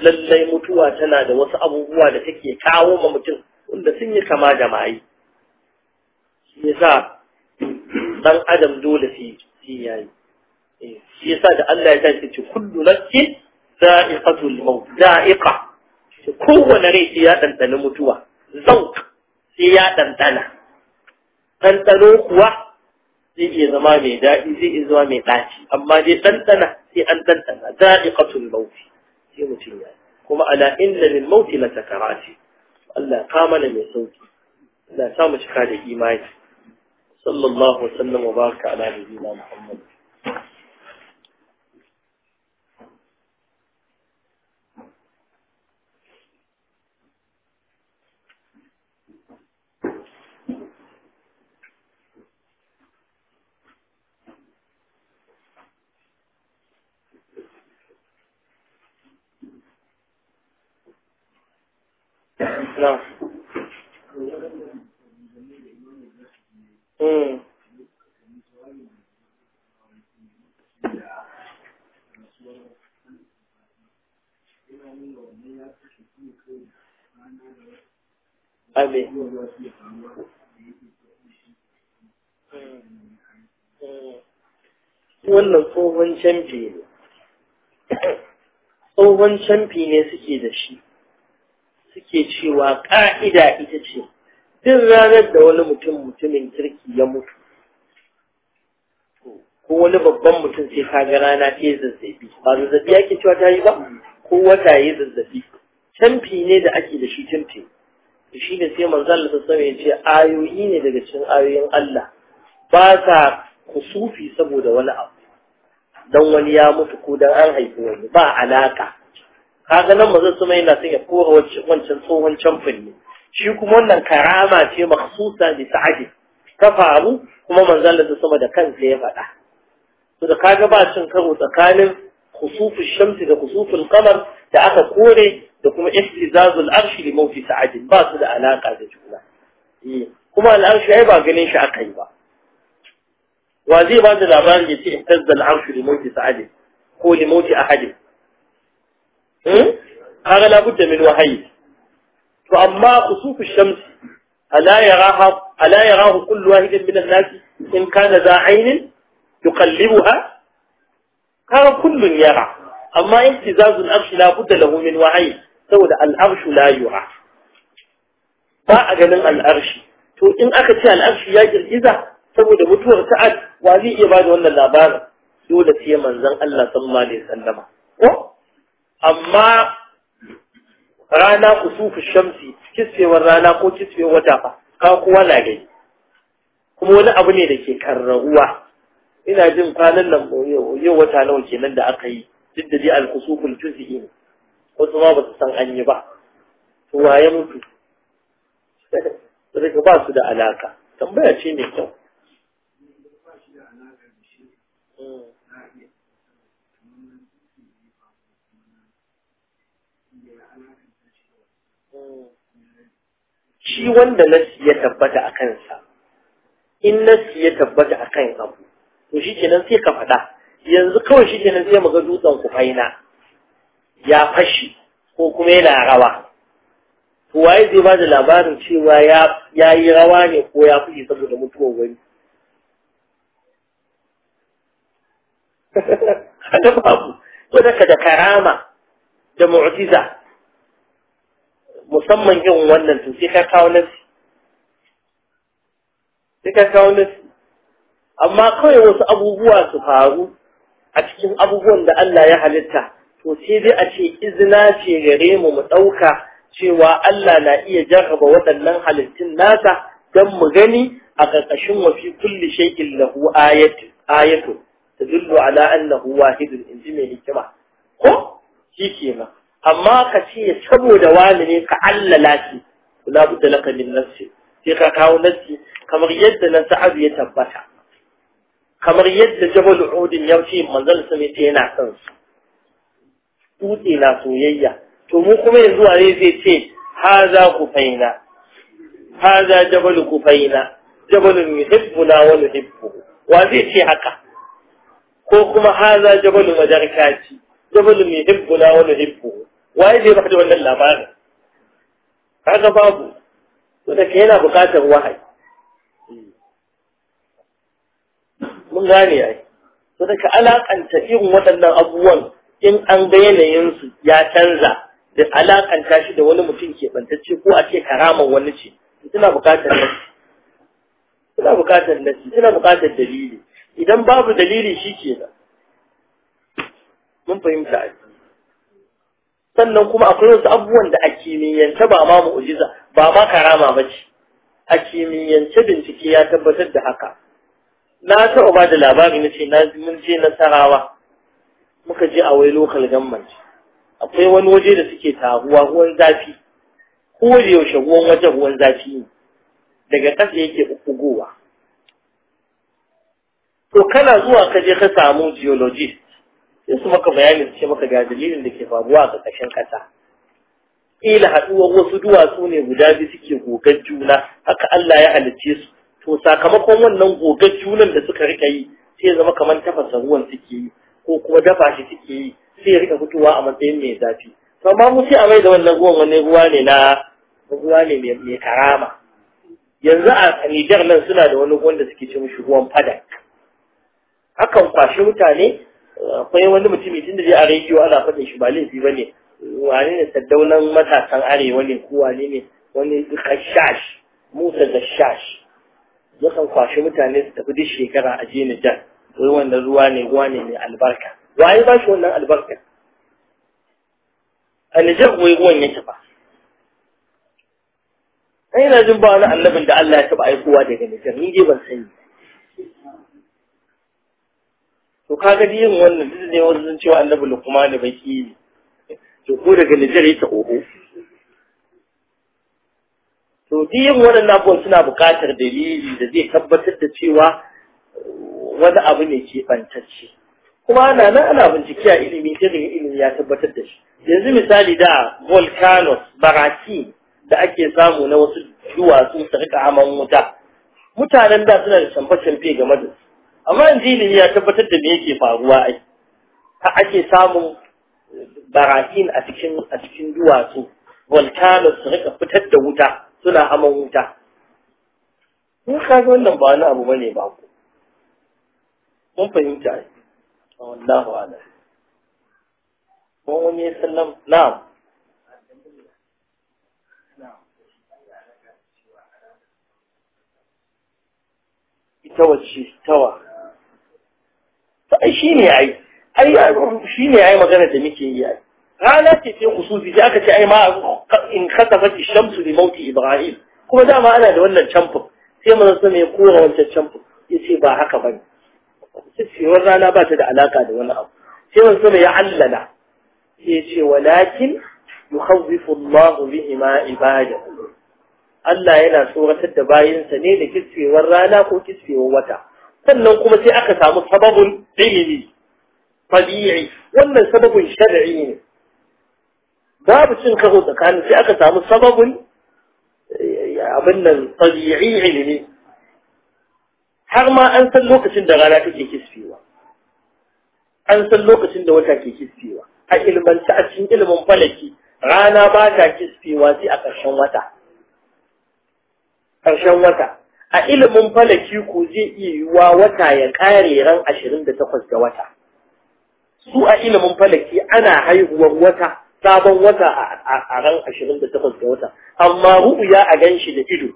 lallai mutuwa tana da wasu abubuwa da take kawo ma mutum wanda sun yi kama da maye shi yasa dan adam dole sai yayi eh, shi yasa da Allah ya tashi ce kullu nafsin za'iqatul maut za'iqa kowane rai shi ya ɗanɗana mutuwa zauk sai ya dandana dandano kuwa zai iya zama mai daɗi zai iya zama mai ɗaci amma dai ɗanɗana sai an ɗanɗana za'iqatul maut sai mutum ya kuma ala inna lil mauti la sakarati Allah ka mana mai sauki Allah sa mu cika da imani sallallahu alaihi wa sallam wa baraka ala nabiyyina muhammad Mm. wannan tsohon canfi ne tsohon canfi ne suke da shi suke cewa ƙa'ida ita ce duk ranar da wani mutum mutumin kirki ya mutu ko wani babban mutum sai ka ga rana ta yi zazzabi ba zazzabi ake cewa ta yi ba ko wata ya yi zazzabi canfi ne da ake da shi canfi shi ne sai manzan Allah sassa ya ce ayoyi ne daga cikin ayoyin Allah ba sa kusufi saboda wani abu don wani ya mutu ko don an haifi wani ba alaka kaga nan mazan su mai na son ya kora wancan tsohon camfin ne shi kuma wannan karama ce makhsusa bi sa'adi ta faru kuma manzon da sama da kansa ya faɗa to da kaga ba cin karo tsakanin khusufu shamsi da kusufin kamar da aka kore da kuma istizazul arshi li mawti sa'adin ba su da alaka da juna eh, kuma al'arshi ai ba ganin shi aka yi ba wa zai ba da labarin ya ce ihtazza da li mawti sa'adin ko li mawti ahadin Eh? kaga labudda min wahayi to amma kusufu shamsi ala yaraha ala yarahu kullu wahidin min an-nas in kana za ainin yuqallibuha kaga kullun yara amma imtizazul arshi labudda lahu min wahayi saboda al-arshu la yura ba a ganin al'arshi to in aka ce al'arshi ya girgiza saboda mutuwar sa'ad wa zai iya bada wannan labarin dole sai manzon Allah sallallahu alaihi wasallama ko amma rana kusufu shamsi kisfewar rana ko kisfewar wata fa ka kowa na gani kuma wani abu ne da ke karrahuwa ina jin kwanan nan yau wata nawa kenan da aka yi duk da dai alkusuful juz'i ne wasu ma ba su san an yi ba to waye mutu daga ba su da alaka tambaya ce mai kyau shi wanda nasi ya tabbata a kansa in nasi ya tabbata a kan abu to shi kenan sai ka faɗa yanzu kawai shi kenan sai ga dutsen ku faina ya fashi ko kuma yana rawa to waye zai ba da labarin cewa ya yi rawa ne ko ya fushi saboda mutuwar wani a babu da karama da mu'jiza musamman yin wannan to sai ka kawo nasi sai ka kawo nasi amma kawai wasu abubuwa su faru a cikin abubuwan da Allah ya halitta to sai dai a ce izina ce gare mu mu ɗauka cewa Allah na iya jarraba waɗannan halittun nasa don mu gani a ƙarƙashin wafi kulli shay'in lahu ayatu tadullu ala annahu wahidun ji mai hikima ko shi kenan amma ka ce saboda wani ne ka allala shi la budda laka min nafsi sai ka kawo nafsi kamar yadda na sa'adu ya tabbata kamar yadda jabal udin ya ce manzal sami ne yana son su dutse na soyayya to mu kuma yanzu ne zai ce haza kufaina haza jabal faina jabal na wani hibbu. wa zai ce haka ko kuma haza jabal majarkaci jabal na wani hibbu. waye zai baka da wannan labarin kaga babu wanda ke yana buƙatar wahayi mun gane ai to ka alakanta irin waɗannan abubuwan in an ga yanayinsu ya canza da alakanta shi da wani mutum ke bantacce ko a ce karaman wani ce suna buƙatar nasi suna buƙatar nasi suna buƙatar dalili idan babu dalili shi ke mun fahimta ai sannan kuma akwai wasu abubuwan da a kimiyyance ba ma mu'jiza ba ma karama ba ce a kimiyyance bincike ya tabbatar da haka na taɓa ba da labari na ce na mun je nasarawa muka je a wai local government akwai wani waje da suke taruwa ruwan zafi ko da yaushe ruwan waje ruwan zafi ne daga ƙasa yake bugowa to kana zuwa ka je ka samu geologist sai su maka bayani su ce maka ga dalilin da ke faruwa a ƙarƙashin ƙasa ƙila haɗuwar wasu duwatsu ne guda biyu suke gogar juna haka Allah ya halicce su to sakamakon wannan gogar junan da suka rika yi sai zama kamar tafasa ruwan suke yi ko kuma dafa shi suke yi sai ya rika fitowa a matsayin mai zafi to amma mu sai a mai da wannan ruwan wani ruwa ne na ruwa ne mai karama yanzu a Nijar nan suna da wani ruwan da suke ce mishi ruwan fadak akan kwashi mutane akwai wani mutumi tun da je a rediyo ana faɗin shi ba laifi ba ne wani ne saddaunan matasan arewa ne ko wani ne wani kashash musa da shash yakan kwashe mutane su tafi duk shekara a je Nijar wai wanda ruwa ne ruwa ne mai albarka waye ba shi wannan albarka a Nijar wai ruwan yake ba ai na jin ba wani annabin da Allah ya taɓa aikowa daga Nijar ni dai ban sani ba. to kaga yin wannan duk ne wasu sun cewa annabi lukmani baki ne to ko daga najeriya ta oho to duk yin waɗannan abubuwan suna buƙatar dalili da zai tabbatar da cewa wani abu ne ke bantacce kuma ana nan ana bincike a ilimi ta daga ilimi ya tabbatar da shi yanzu misali da volcanoes baraki da ake samu na wasu duwatsu su rika aman wuta mutanen da suna da canfe-canfe game da su amma yanzu ya tabbatar da me yake faruwa ai ta ake samun eh, barahin a cikin a cikin duwatsu volcanoes su rika fitar da wuta suna aman wuta mun ga wannan ba wani abu bane ba ku mun fahimta ai wallahu a'lam ko wani ya sallam na'am ita wacce tawa ai shi ne ai ai shi ne ai magana da muke yi ai rana ce ce kususi sai aka ce ai ma in khasafat shamsu li mauti ibrahim kuma dama ana da wannan camfin sai mun san me kora wancan camfin yace ba haka bane cewar rana ba ta da alaka da wani abu sai mun san ya allala sai yace walakin yukhawwifu Allahu bihima ibadahu Allah yana tsoratar da bayinsa ne da kisfewar rana ko kisfewar wata sannan kuma sai aka samu sababin ilimi tabi'i wannan sababin shar'i ne babu cin karo tsakanin sai aka samu sababin eh, abin nan tabi'i ilimi har ma an san lokacin da rana take kisfewa an san lokacin da wata ke kisfewa a ilmanta a cikin ilimin falaki rana ba ta kisfewa sai a ƙarshen wata ƙarshen wata a ilimin falaki ku zai iya yiwuwa wata ya kare ran ashirin da takwas ga wata su a ilimin falaki ana haihuwar wata sabon wata a ran ashirin da takwas ga wata amma ya a gan shi da ido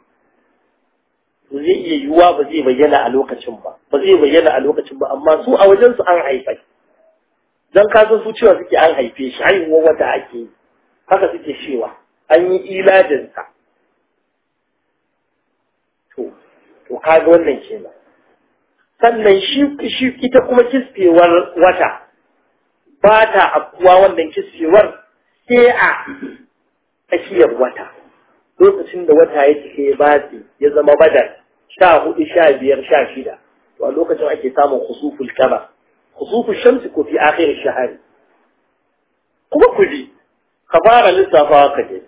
zai iya yiwuwa ba zai bayyana a lokacin ba ba zai bayyana a lokacin ba amma su a wajen su an haifa dan ka san su cewa suke an haife shi haihuwar wata ake haka suke cewa an yi ilajinsa. to kaga wannan kenan sannan shi shi ita kuma kisfewar wata ba ta afkuwa wannan kisfewar sai a tsakiyar wata lokacin da wata ya cike ya batse ya zama badar sha hudu sha biyar sha shida to a lokacin ake samun khusuful kama khusuful shamsi ko fi akhir shahari kuma kuji ka fara lissafa ka je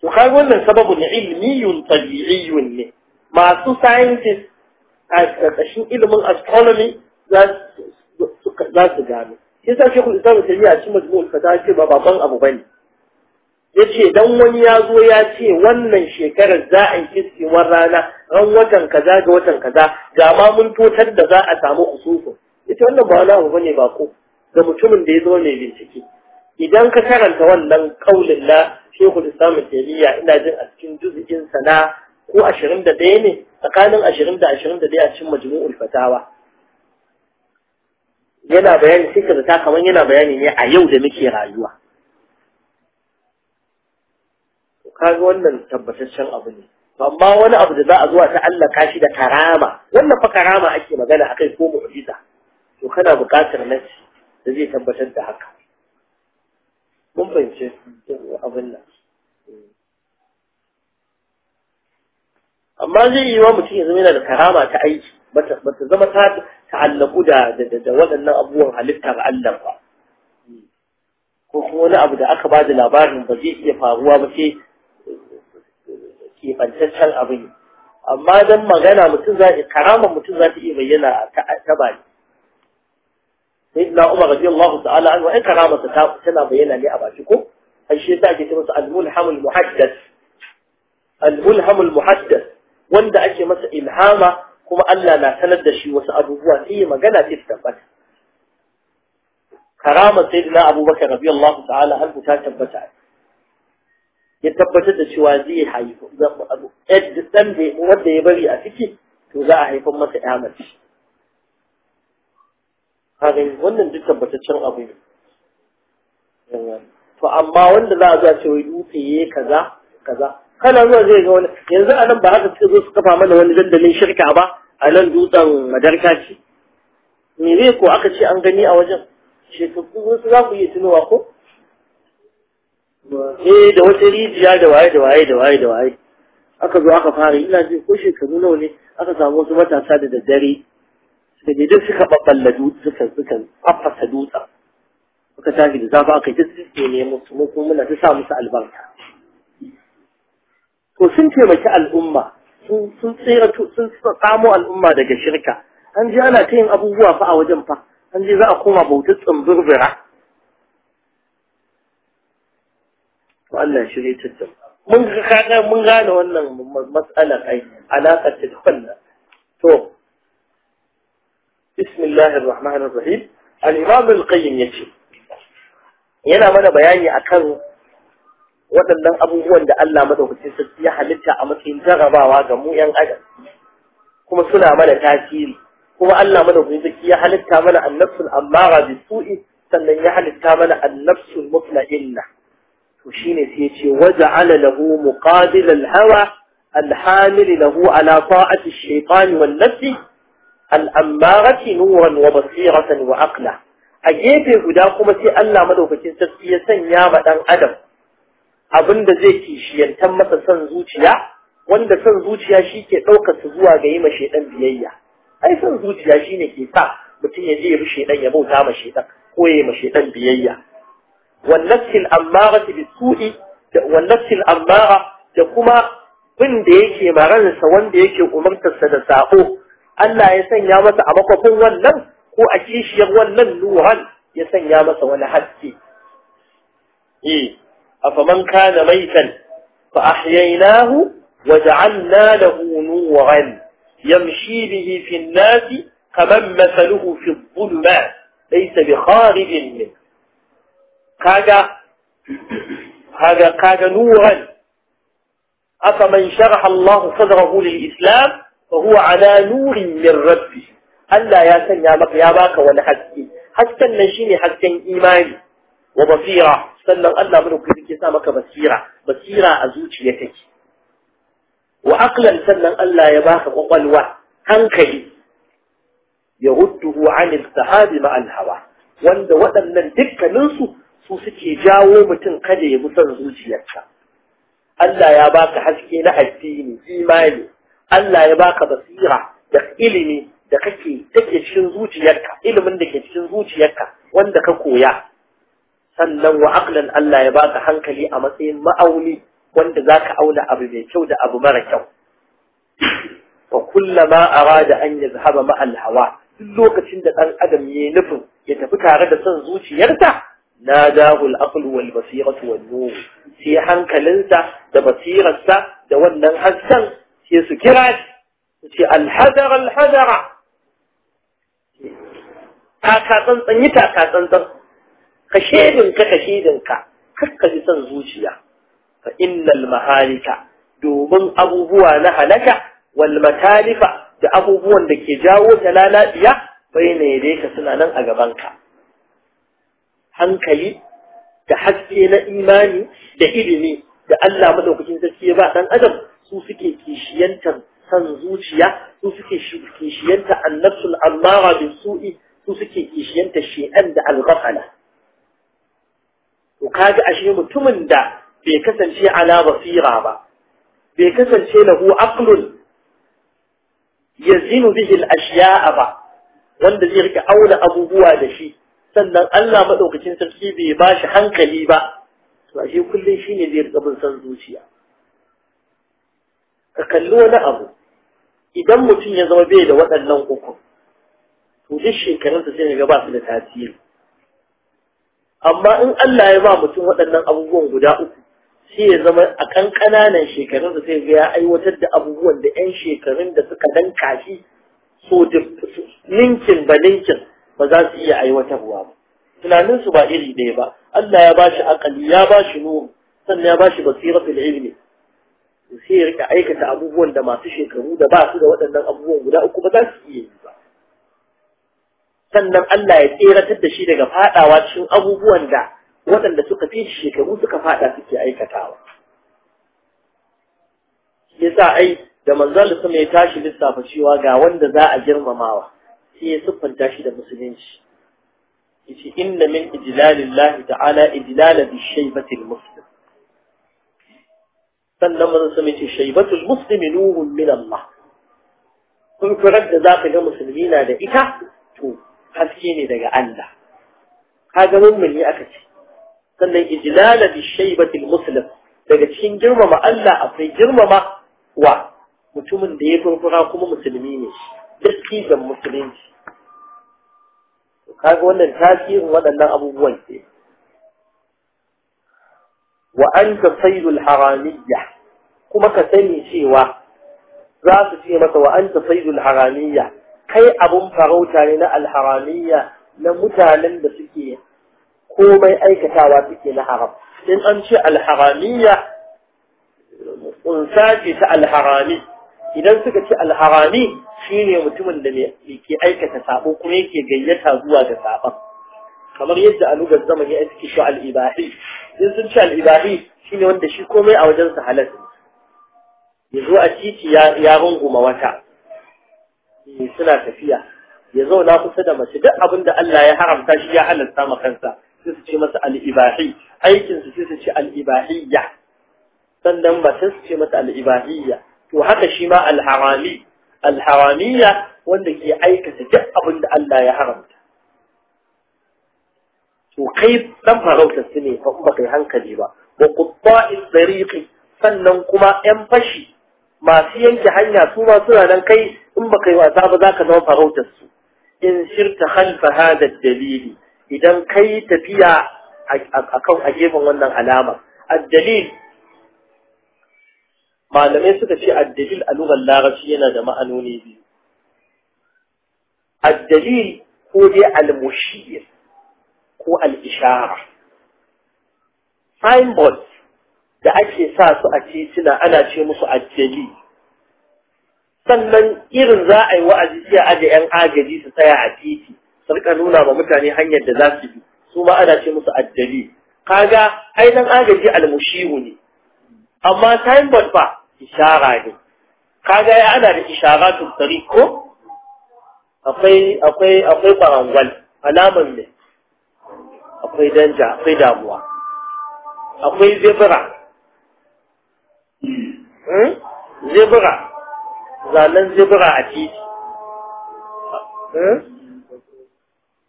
to kai wannan sababun ilmiyun tabi'iyyun ne masu sayantis a ƙarƙashin ilimin astronomy za su gano shi sa shekul islam ta yi a cikin majmu'ul fata ce ba babban abu ne. ya ce dan wani ya zo ya ce wannan shekarar za a yi kiskewar rana ran watan kaza ga watan kaza ga ma mun totar da za a samu usufu ce, wannan ba wani abu ne ba ko ga mutumin da ya zo mai bincike idan ka karanta wannan kaulin na shekul islam taimiyya ina jin a cikin juz'in sana'a. ko ashirin da ne tsakanin ashirin da ashirin da a cikin majmu'ul fatawa yana bayani sai ka ta kaman yana bayani ne a yau da muke rayuwa To kaga wannan tabbataccen abu ne amma wani abu da za a zuwa ta Allah shi da karama wannan fa karama ake magana akai ko mu'jiza to kana buƙatar nasi da zai tabbatar da haka mun fahimci abin nan amma zai yi wa mutum ya zama yana da karama ta aiki bata bata zama ta ta'allaku da da waɗannan abubuwan halitta ga Allah ba ko kuma wani abu da aka ba da labarin ba zai iya faruwa ba ke keɓantaccen abu ne amma dan magana mutum za ta karama mutum za ta iya bayyana ta baki sayyidina Umar radiyallahu ta'ala anhu ai karama ta tana bayyana ne a baki ko ai shi yasa ake cewa al-mulham al al-mulham al wanda ake masa ilhama kuma Allah na sanar da shi wasu abubuwa sai ya magana sai ta tabbata karamar sayyidina abubakar radiyallahu ta'ala an ta tabbata ya tabbatar da cewa zai haifu dan da wanda ya bari a ciki to za a haifar masa ya mace kaga wannan duk tabbataccen abu ne to amma wanda za a zuwa ce wai dutse ya yi kaza kaza kana zuwa zai ga wani yanzu anan ba haka suka zo su kafa mana wani dandalin shirka ba a nan dutsen madarka ce me ko aka ce an gani a wajen shekaru wasu za ku iya tunowa ko eh da wata rijiya da waye da waye da waye da waye aka zo aka fara ina ji ko shekaru nawa ne aka samu wasu matasa da daddare suka je duk suka babballa dutse suka suka affasa dutsen suka tashi da zafi aka yi ta tsitse ne musu mu muna ta sa musu albarka to sun taimaki al'umma sun tsira sun tsamo al'umma daga shirka an ji ana ta yin abubuwa fa a wajen fa an ji za a koma bautar tsambirbira to Allah shirye ta mun kaga mun gane wannan matsalar ai alaƙar ta wannan to bismillahir rahmanir rahim al-imam al-qayyim yace yana mana bayani akan waɗannan abubuwan da Allah madaukakin sarki ya halitta a matsayin jarabawa ga mu yan adam kuma suna mana tasiri kuma Allah madaukakin sarki ya halitta mana annafsul amara bi su'i sannan ya halitta mana annafsul mutla'inna to shine sai ya ce waja'ala lahu muqabil al-hawa al-hamil al lahu ala ta'ati ash-shaytan wal nafsi الحامل nuran wa طاعة wa aqla a gefe guda kuma sai Allah سي ألا ya sanya ba dan adam abin da zai kishiyantar masa son zuciya wanda son zuciya shi ke ɗaukar zuwa ga yi ma shaidan biyayya ai son zuciya shi ne ke sa mutum ya je ya bi shaidan ya bauta ma shaidan ko ya yi ma shaidan biyayya amara ammara bi da wannan amara da kuma bin da yake maransa wanda yake umartarsa da sako Allah ya sanya masa a makwafin wannan ko a kishiyar wannan nuran ya sanya masa wani haske eh أفمن كان ميتا فأحييناه وجعلنا له نورا يمشي به في الناس كمن مثله في الظلمات ليس بخارج منه كاجا هذا كاجا نورا أفمن شرح الله صدره للإسلام فهو على نور من ربه ألا يا سن يا باك ولا حسين حسكا نشيني حسكا إيماني wa basira sannan Allah madaukaki yake sa maka basira basira a zuciya take wa aqlan sannan Allah ya baka kwakwalwa hankali ya rudduhu anil sahabi ma al hawa wanda waɗannan dukkanin su su suke jawo mutum kada ya son zuciyarsa Allah ya baka haske na addini imani Allah ya baka basira da ilimi da kake take cikin zuciyarka ilimin da ke cikin zuciyarka wanda ka koya sannan wa aqlan Allah ya baka hankali a matsayin ma'auni wanda zaka auna abu mai kyau da abu mara kyau wa kullama arada an yazhaba ma al-hawa duk lokacin da dan adam ya nufin ya tafi tare da son zuciyarsa nadahu al-aqlu wal basira wal nur shi hankalinsa da basirarsa da wannan hassan sai su kira su ce al-hadara al-hadara ta taka tsantsan yi taka tsantsan ka shedinka ka ji son zuciya fa innal mahalika domin abubuwa na halaka wal matalifa da abubuwan da ke jawo ta lalabiya bai ne dai ka suna nan a gabanka hankali da haske na imani da ilimi da Allah madaukakin sarki ya ba dan adam su suke kishiyantar san zuciya su suke kishiyanta annabsul ammara bisu'i su suke kishiyanta shi'an da al to kaga ashe mutumin da bai kasance ala basira ba bai kasance lahu aqlun yazinu bihi al-ashya'a ba wanda zai rika auna abubuwa da shi sannan Allah madaukakin sarki bai bashi hankali ba to ashe kullun shine zai rika bin san zuciya ka kalli wani abu idan mutum ya zama bai da waɗannan uku to duk shekarunsa sai ga ba su da tasiri amma in Allah ya ba mutum waɗannan abubuwan guda uku shi ya zama a kan ƙananan shekarun da sai ga ya aiwatar da abubuwan da 'yan shekarun da suka danka shi so da ninkin ba ninkin ba za su iya aiwatarwa ba tunaninsu ba iri ɗaya ba Allah ya ba shi akali ya ba shi nuhu sannan ya ba shi basiratul ilmi sai ya rika aikata abubuwan da masu shekaru da ba su da waɗannan abubuwan guda uku ba za su iya yi ba sannan Allah ya tseratar da shi daga fadawa cikin abubuwan da waɗanda suka fi shekaru suka fada suke aikatawa yasa ai da manzon da ya tashi lissafa cewa ga wanda za a girmamawa sai ya siffanta shi da musulunci yace inna min ijlalillahi ta'ala ijlala bi shaybatil muslim sannan manzon sama yace shaybatul muslimi nuhun min Allah kun kurar da ka ga musulmi na da ita to haske ne daga Allah kaga mummuni aka ce sannan ijlala bi shaybatil muslim daga cikin girmama Allah akwai girmama wa mutumin da ya furfura kuma musulmi ne dukki da musulunci kaga wannan tasirin waɗannan abubuwan ce wa anta sayyidul haramiyya kuma ka sani cewa za su ce maka wa anta sayyidul haramiyya kai abun farauta ne na alharamiyya na mutanen da suke komai aikatawa suke na haram in an ce alharamiyya unsa ce ta alharami idan suka ce alharami shine mutumin da ke aikata sabo kuma yake gayyata zuwa ga sabon kamar yadda a lugar zamani ya suke shi al'ibahi in sun ce al'ibahi shine wanda shi komai a wajen sahalar. ya zo a titi ya runguma wata suna tafiya ya zauna kusa da mace duk abin da Allah ya haramta shi ya halalta ma kansa sai su ce masa al-ibahi aikin su sai su ce al-ibahiyya sannan mace su ce masa al-ibahiyya to haka shi ma al-harami al-haramiyya wanda ke aikata duk abin da Allah ya haramta to kai dan farautar su ne ba kuma kai hankali ba wa qutta'is tariqi sannan kuma yan fashi masu yanke hanya su ma suna nan kai in baka yi wasa ba zaka zama farautar su in shirta khalfa hada dalili idan kai tafiya akan a gefen wannan alama addalil malamai suka ce addalil dalil a lugar larabci yana da ma'anoni biyu addalil ko dai al ko al-ishara da ake sa su a titina ana ce musu ajali sannan irin za a yi wa'azi sai a da yan agaji su tsaya a titi su rika nuna ma mutane hanyar da za su bi su ma ana ce musu ajali kaga ai nan agaji almushihu ne amma signboard fa ishara ne kaga ya ana da ishara tariq ko akwai akwai akwai barangwal alaman ne akwai danja akwai damuwa akwai zebra Hmm? zebra zanen zebra a titi hmm?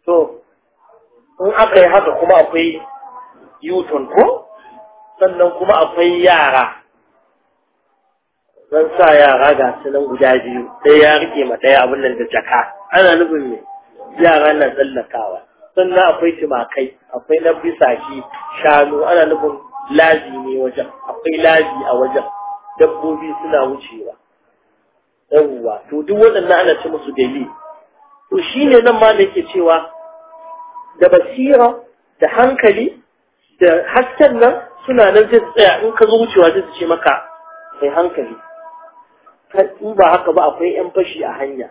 to in aka yi haka kuma akwai yuton ko sannan kuma akwai yara zan sa yara ga sunan guda biyu Sai ya rike ma daya abin nan da jaka ana nufin me yara na tsallakawa sannan akwai tumakai akwai na bisashi shanu ana nufin lazi ne wajen akwai lazi a wajen dabbobi suna wucewa yawwa to duk waɗannan ana ce musu dalil to shi ne nan ma da ke cewa da basira da hankali da hasken nan suna nan zai tsaya in ka zo wucewa zai ce maka mai hankali in ba haka ba akwai yan fashi a hanya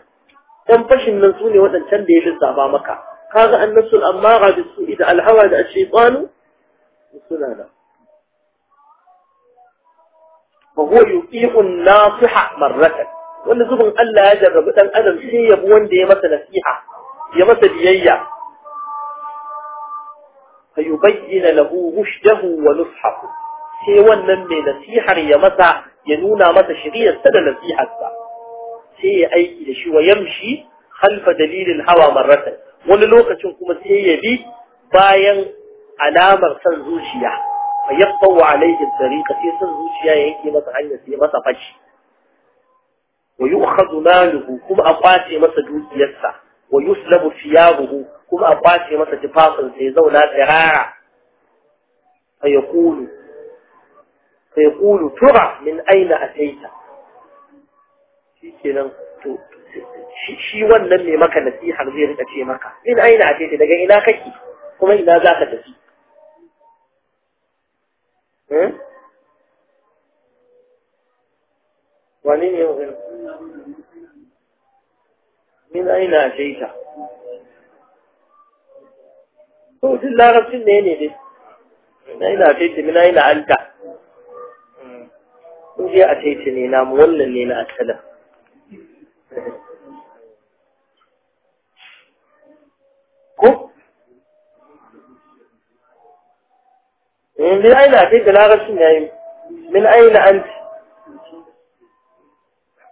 yan fashin nan su ne waɗancan da ya lissafa maka kaga annasul amma ga su idan alhawa da ashaytanu suna nan فهو يطيع الناصحة مرة wanda zubin Allah ya jarrabu dan adam sai ya bi wanda ya masa nasiha ya masa biyayya fayubayyana lahu rushdahu wa nushahu sai wannan mai nasihar ya masa ya nuna masa shari'ar sa da nasihar sa sai ya aiki da shi wa yamshi khalfa dalilin hawa marratan wani lokacin kuma sai ya bi bayan alamar san zuciya fa yaqtau dari ka ce sun zuciya ya yanke masa hanyar sai masa fashi wa yu'khadhu maluhu kuma a kwace masa dukiyarsa wa yuslabu fiyaruhu kuma a kwace masa tufafin sai zauna tsirara fa yaqulu fa yaqulu tura min aina ataita shikenan to shi wannan mai maka nasihar zai rika ce maka min aina ataita daga ina kake kuma ina za ka tafi eh wani ne yau min aina jaita to duk larabcin ne ne dai na aina jaita min yi na in je hmm. a taita ne na mu wannan ne na asalin من أين أتيت لا غشن يعني من أين أنت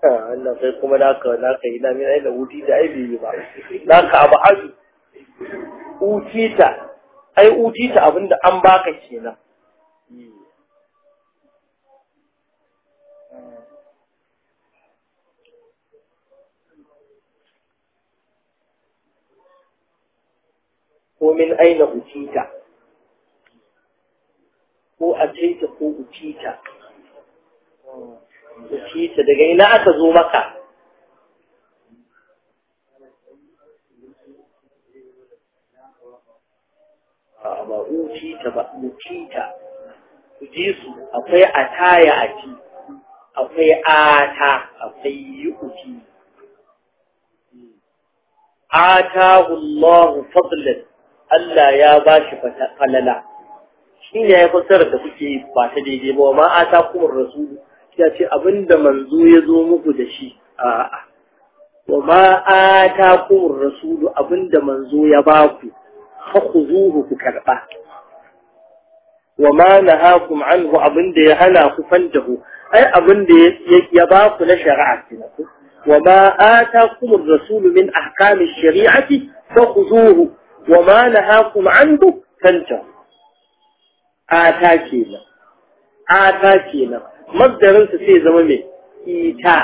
Allah sai kuma naka naka ina min aina wuti da ai bai ba naka abu azu utita ai utita abinda an baka kenan ko min aina utita ko a taita ko utita utita daga ina aka zo maka ba utita ba utita ku ji su akwai ataya a ci akwai ata akwai yi utita آتاه الله Allah ya ba shi falala shi ya yi fassarar da kuke ba ta daidai ba ma ta kuma rasulu ya ce abinda manzo ya zo muku da shi a'a wa ma kuma rasulu abinda manzo ya ba ku zuhu ku karɓa wa ma nahakum abin abinda ya hana ku fantahu ai abinda ya ba ku na shari'a ku wa ma atakum ar-rasulu min ahkami ash-shari'ati fakhuzuhu wa ma nahakum anhu fantahu ata kenan ata kenan masdarin sa sai zama mai ita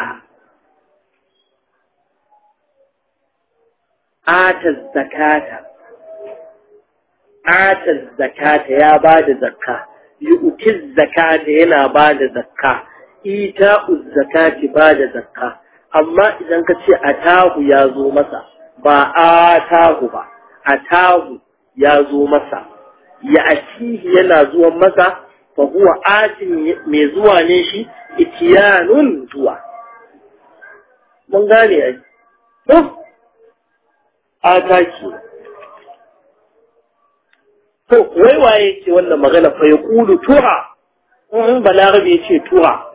ata zakata ata zakata ya bada zakka yu'ti zakata yana bada zakka ita zakati bada zakka amma idan ka ce atahu ya zo masa ba atahu ba a tahu ya zo masa ya asihi yana zuwan masa fa huwa atin mai zuwa ne shi itiyanun zuwa mun gane ai to ataki to wai waye yake wannan magana fa yaqulu Ko in balarabe yace tura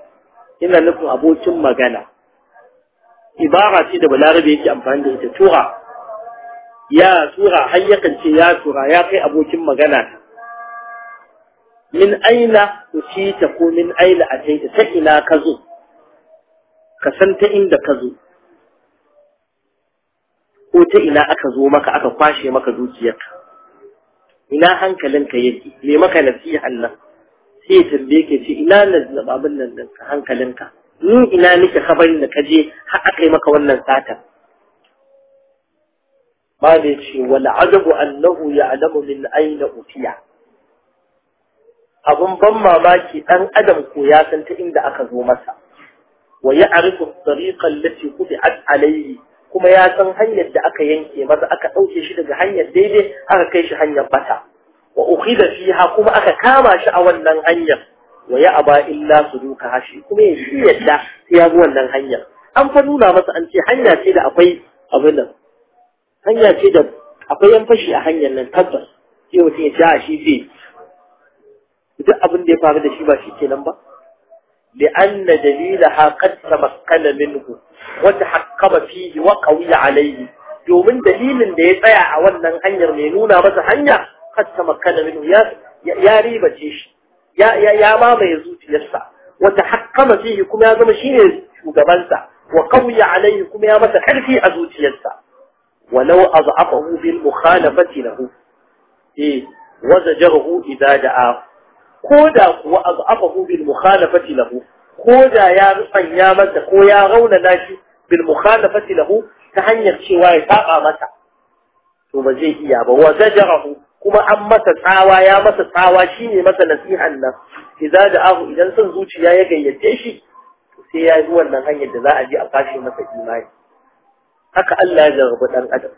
yana nufin abokin magana ibara ce da balarabe yake amfani da ita tura ya tura har yakan ce ya tura ya kai abokin magana ta min aina ta ko min aila kai ta ina ka zo ka san ta inda ka zo ko ta ina aka zo maka aka kwashe maka dukiyarka ina hankalinka yake me maka nasihan Allah sai ya tambaye ka ce ina nan abin nan hankalinka ni ina nake kabarin da kaje har aka yi maka wannan satar ما ليش والعجب أنه يعلم من أين أتيع أظن ضم ماك أن أدم كياسا عند أخذ ومسا ويعرف الطريقة التي قدعت عليه كما ياسا هنيا دعك ينكي ماذا أكا أوكي شدك هنيا ديلي أكا كيش هنيا بطا وأخذ فيها كما أكا كاما شعوان لن هنيا ويأبا إلا صدوك هاشي كما يشيئ لا سياغوان لن هنيا أم فنونا مثلا أنت هنيا سيدة أبي أبنى hanya ce da akwai yan fashi a hanyar nan tabbas sai mutum ya ja shi zai duk abin da ya faru da shi ba shi ke nan ba dalila ha لأن دليلها minhu تمكن منه وتحكم wa وقوي alayhi domin dalilin da ya tsaya a wannan hanyar mai nuna masa hanya kad tamakkana minhu ya ya ce shi ya ya ya mamaye zuciyarsa wa tahakkama fihi kuma ya zama shine shugabansa wa qawiya alayhi kuma ya masa karfi a zuciyarsa ولو أضعفه بالمخالفة له إيه وزجره إذا دعا كودا وأضعفه بالمخالفة له كودا يا رفن يا متى كو يا غون ناشي بالمخالفة له تهنيك شواي تاقى متى ثم زي إيابا وزجره kuma an masa tsawa ya masa tsawa shine masa nasihan nan da a'hu idan son zuciya ya gayyace shi sai ya yi wannan hanyar da za a je a kashe masa imani haka Allah ya jarrabu ɗan adam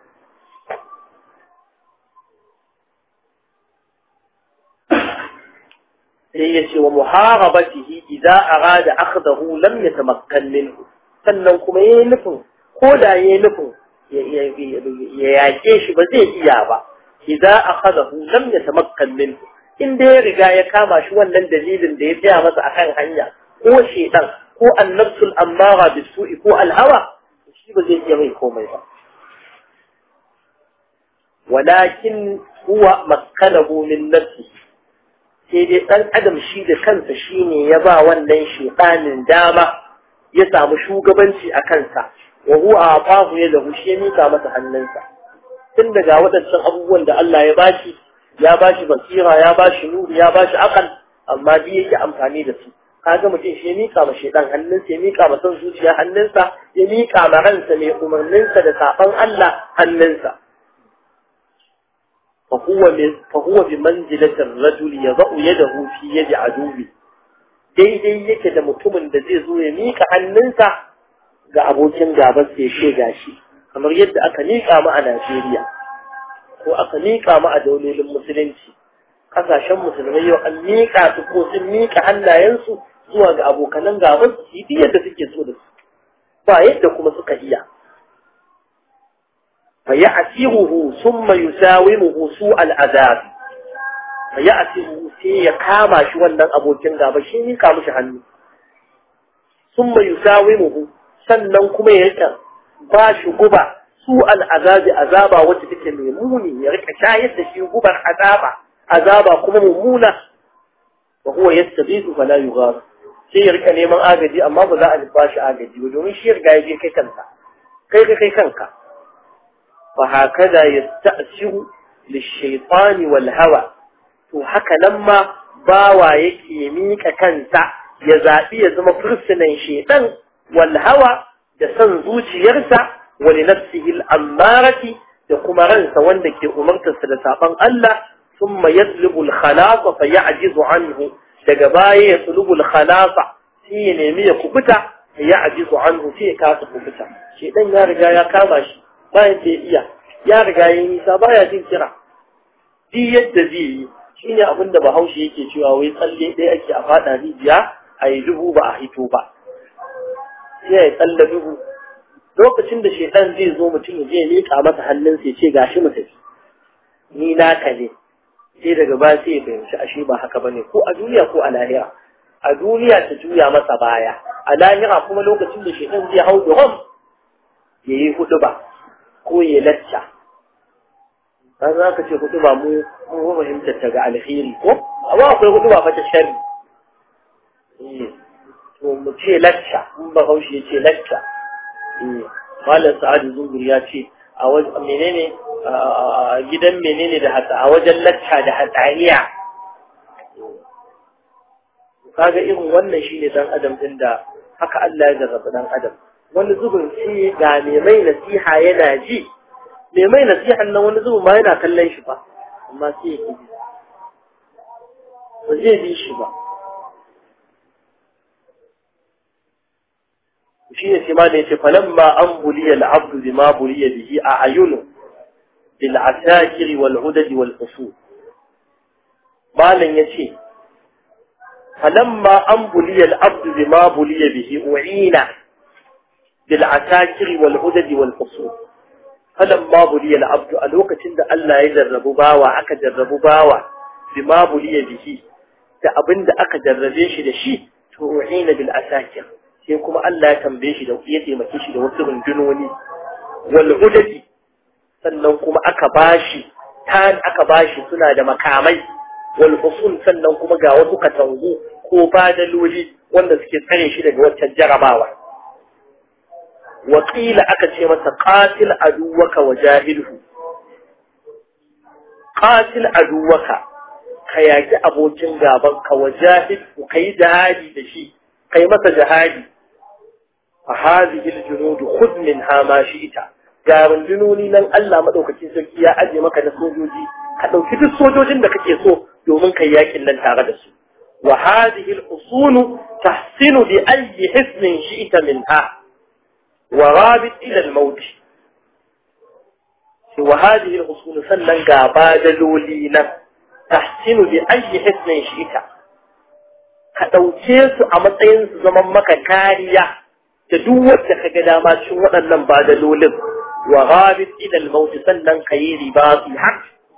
sai ya ce wa muharabatihi idza arada akhdahu lam yatamakkan minhu sannan kuma yayi nufin ko da yayi nufin ya yaƙe shi ba zai iya ba idza akhadahu lam yatamakkan minhu in da ya riga ya kama shi wannan dalilin da ya tsaya masa akan hanya ko shedan ko annabsul ammara bisu'i ko alhawa shi ba zai iya mai komai ba walakin huwa makkanahu min nafsihi sai dai ɗan adam shi da kansa shi ne ya ba wannan shekanin dama ya samu shugabanci a kansa wa huwa afahu ya lahu shi ya mika masa hannunsa tun daga waɗancan abubuwan da Allah ya bashi ya bashi basira ya bashi nuri ya bashi akal amma biyu yake amfani da su kaga mutum shi ya mika ma shaidan hannunsa ya mika ma son zuciya hannunsa ya mika ma ransa mai umarninsa da saɓon Allah hannunsa fa huwa min ya bi manzilati ar ya yad'u yadahu fi daidai yake da mutumin da zai zo ya mika hannunsa ga abokin gaban sa ya gashi kamar yadda aka mika mu a Najeriya ko aka mika mu a daulolin musulunci ƙasashen musulmai yau an mika su ko sun mika hannayensu zuwa ga abokanan gaban su yi yadda suke so da su ba yadda kuma suka iya fa ya ya'siruhu thumma yusawimuhu su'al azab fa ya ya'siruhu sai ya kama shi wannan abokin gaba shi ne ka mushi hannu thumma yusawimuhu sannan kuma ya rika ba shi guba su'al azabi azaba wacce take mai muni ya rika shayar da shi gubar azaba azaba kuma mummuna wa huwa yastabitu fala yughar sai ya rika neman agaji amma ba za a ba shi agaji ba domin shi ya riga ya je kai kanka kai kai kai kanka fa hakaza yasta'siru lishaytani wal hawa to haka nan ma bawa yake mika kansa ya zabi ya zama fursunan shedan wal hawa da san zuciyarsa wa li nafsihi al ammarati da kuma ransa wanda ke umartarsa da saban Allah ثم يطلب الخلاق فيعجز عنه daga baya ya sulubul khalafa sai ya nemi ya kubuta ya ajizu anhu sai ya kasa kubuta shi dan ya riga ya kama shi bayan da iya ya riga ya nisa baya jin kira di yadda zai yi shine abinda da bahaushe yake cewa wai tsalle ɗaya ake a faɗa rijiya a yi duhu ba a hito ba sai ya tsalle duhu lokacin da shaidan zai zo mutum ya je ya leƙa masa hannunsa ya ce gashi mu tafi ni na ne sai daga ba sai ya fahimci ashe ba haka bane ko a duniya ko a lahira a duniya ta juya masa baya a lahira kuma lokacin da shekan zai hau da hom ya yi hudu ba ko ya lacca ba za ka ce hudu ba mu mu fahimtar ta ga alheri ko amma akwai hudu ba fata shari eh, to mu ce lacca in ba haushi ya ce lacca eh, malam sa'adu zungur ya ce a wajen menene gidan menene da hatsa a wajen latta da hatsaniya kaga irin wannan shine dan adam din da haka Allah ya jarraba dan adam wani zubin shi ga me mai nasiha yana ji me mai nasihan nan wani zubin ma yana kallon shi ba amma sai ya ji ba zai bi shi ba shi ne shi ma ne ce falamma an buliya al-abdu bima buliya bihi a ayunu بالعساكر والعدد والحصول بالا يتي فلما أنبلي العبد بما بلي به أعين بالعساكر والعدد والحصول فلما بلي العبد ألوك تند ألا يدرب باوى أكدرب باوى بما بلي به تأبند أكدربيش لشيء تعين بالعساكر يكما ألا تنبيش لو إيتي مكيش لو سبن جنوني والعدد sannan kuma aka bashi ta aka bashi suna da makamai wal usul sannan kuma ga wasu katangu ko badaloli wanda suke tsare shi daga waccan jarabawa wakila aka ce masa qatil aduwaka wa jahilhu qatil aduwaka ka yaki abokin gaban ka wa jahilhu kai jihadi da shi kai masa jahadi fa hadhihi al junud khudh minha ma shi'ta ga rundunoni nan Allah madaukakin sarki ya aje maka da sojoji ka dauki duk sojojin da kake so domin kai yakin nan tare da su wa hadhihi al usun tahsinu bi ayyi hisnin shi'ta minha wa rabit ila al-maut shi wa hadhihi al-usunu sannan ga badaloli nan tahsinu bi ayyi hisnin shi'ta ka dauke su a matsayin su zaman maka kariya da duk wacce kaga dama cikin waɗannan badalolin wa ghabit ila al-maut sannan kayi ribasi har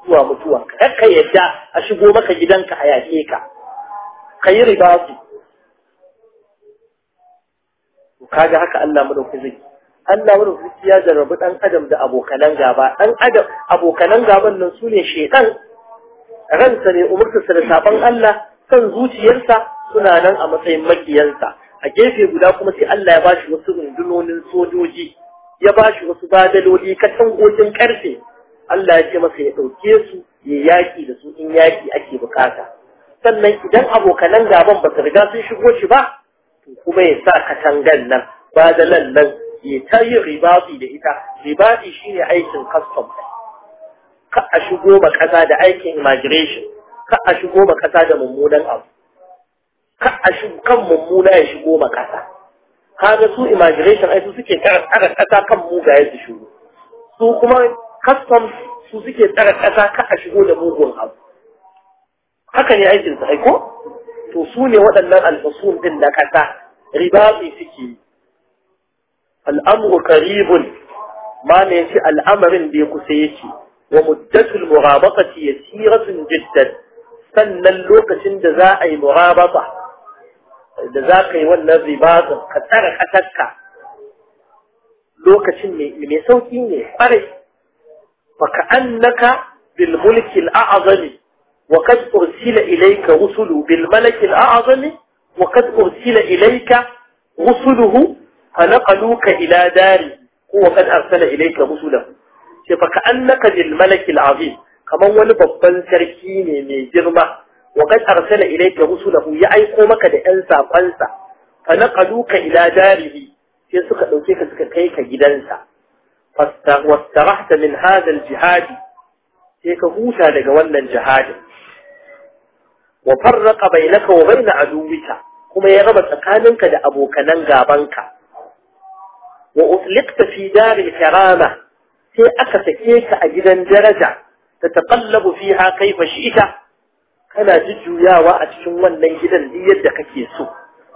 zuwa mutuwa kar ka yadda a shigo maka gidanka a yake ka kayi ribasi kaga haka Allah madaukakin zai Allah madaukakin ya jarrabu dan adam da abokanan gaba dan adam abokanan gaban nan ne shedan ransa ne sa, da saban Allah kan zuciyarsa suna nan a matsayin makiyansa a gefe guda kuma sai Allah ya bashi wasu rundunonin sojoji ya ba shi wasu badaloli katangogin karfe Allah ya ce masa ya ɗauke su ya yaƙi da su in yaƙi ake bukata sannan idan abokanan gaban ba su riga sun shigo shi ba to kuma ya sa katangan nan badalan nan ya ta yi ribaɗi da ita ribaɗi shine aikin custom ka a shigo ma ƙasa da aikin immigration ka a shigo ma ƙasa da mummunan abu ka a shigo kan mummuna ya shigo ma ƙasa kaga su imagination ai su suke tsara kasa kan mugaye su shigo su kuma customs su suke tsara kasa ka a shigo da mugun abu haka ne aikin su aiko to su ne waɗannan alfasun din na kasa ribaɗi suke al'amru karibun ma ne shi al'amarin da ya kusa yake wa muddatul murabaqati yasiratun jiddan sannan lokacin da za a yi murabata da za ka yi wannan ribazin ka tsara ƙasarka lokacin mai sauƙi ne ƙwarai fa ka annaka bil mulki al'azami wa kad ursila ilayka rusulu bil malaki al'azami wa kad ursila ilayka rusuluhu fa naqaluka ila dari ko wa kad arsala ilayka rusulahu sai fa ka annaka bil malaki al'azim kaman wani babban sarki ne mai girma وقد أرسل إليك رسله يعيقو مك لأنسى فانسى فنقلوك إلى داره في سكة أوكيك سكة كيك جدنسى واسترحت من هذا الجهاد فيك هوتا لقوانا الجهاد وفرق بينك وبين عدوك كما يغب سكانك لأبوك ننقابنك وأطلقت في دار الكرامة في أكسكيك أجدا درجة تتقلب فيها كيف شئت kana jujjuyawa a cikin wannan gidan duk yadda kake so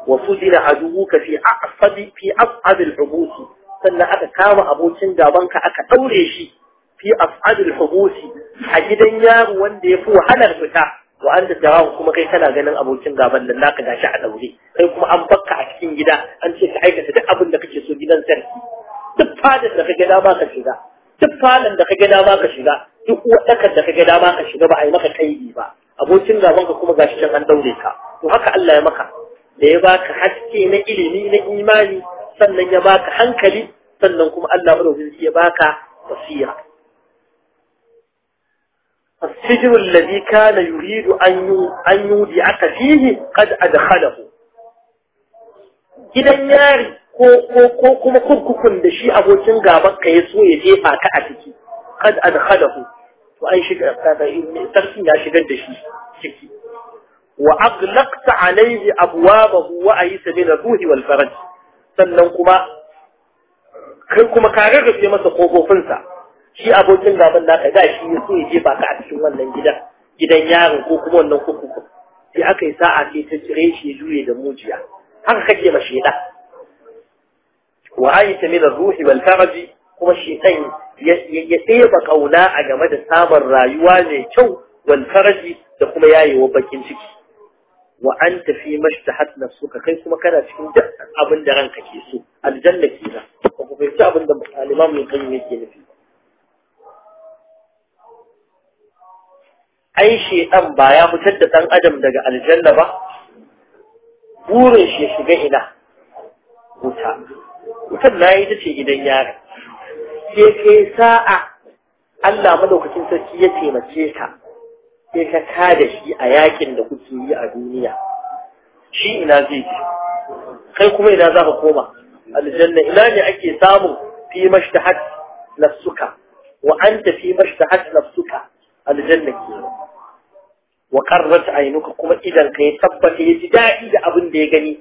wa fudina aduwuka fi aqsabi fi as'abil hubusi sannan aka kama abokin gabanka aka daure shi fi as'abil hubusi a gidan yaro wanda ya fi wahalar fita wa anta tarahu kuma kai kana ganin abokin gaban nan naka gashi a daure kai kuma an bakka a cikin gida an ce ka aikata duk abin da kake so gidan sarki duk fadin da kake da ba ka shiga duk falon da kage dama ka shiga duk wadakar da kage dama ka shiga ba a yi maka kaidi ba abokin gaban ka kuma gashi can an daure ka to haka Allah ya maka da ya baka haske na ilimi na imani sannan ya baka hankali sannan kuma Allah ya baka basira السجن الذي كان يريد أن يودعك فيه قد أدخله gidan yari ko kuma kurkukun da shi abokin gaban ka ya so ya jefa ka a ciki kad adkhalahu to an shiga sarkin ya shigar da shi ciki wa aglaqta alayhi abwabahu wa aysa min ruhi wal faraj sannan kuma kai kuma ka rarrafe masa kofofinsa shi abokin gaban naka da shi ya so ya jefa ka a cikin wannan gidan gidan yaron ko kuma wannan kurkuku sai aka yi sa'a sai ta cire shi ya juye da mujiya haka kake ma shaidan wa ayi min ruhi wal faraj kuma shaidan ya ɗeba ƙauna a game da samun rayuwa mai kyau wal faraji da kuma yayewa bakin ciki wa an tafi mashtahat suka kai kuma kana cikin duk abin da ranka ke so aljanna za ba ku fahimci abin da al mai kai qayyim yake nufi ai shedan ba ya fitar da dan adam daga aljanna ba burin shi shiga ina wuta wutar na yi ta ce gidan yara Ke ke sa'a Allah madaukakin sarki ya taimake ka sai ka kada shi a yakin da kuke yi a duniya shi ina zai ji kai kuma ina za ka koma aljanna ina ne ake samun fi mashtahat nafsuka wa anta fi mashtahat nafsuka aljanna ke. wa qarrat aynuka kuma idan ka ya tabbata ya ji daɗi da abin da ya gani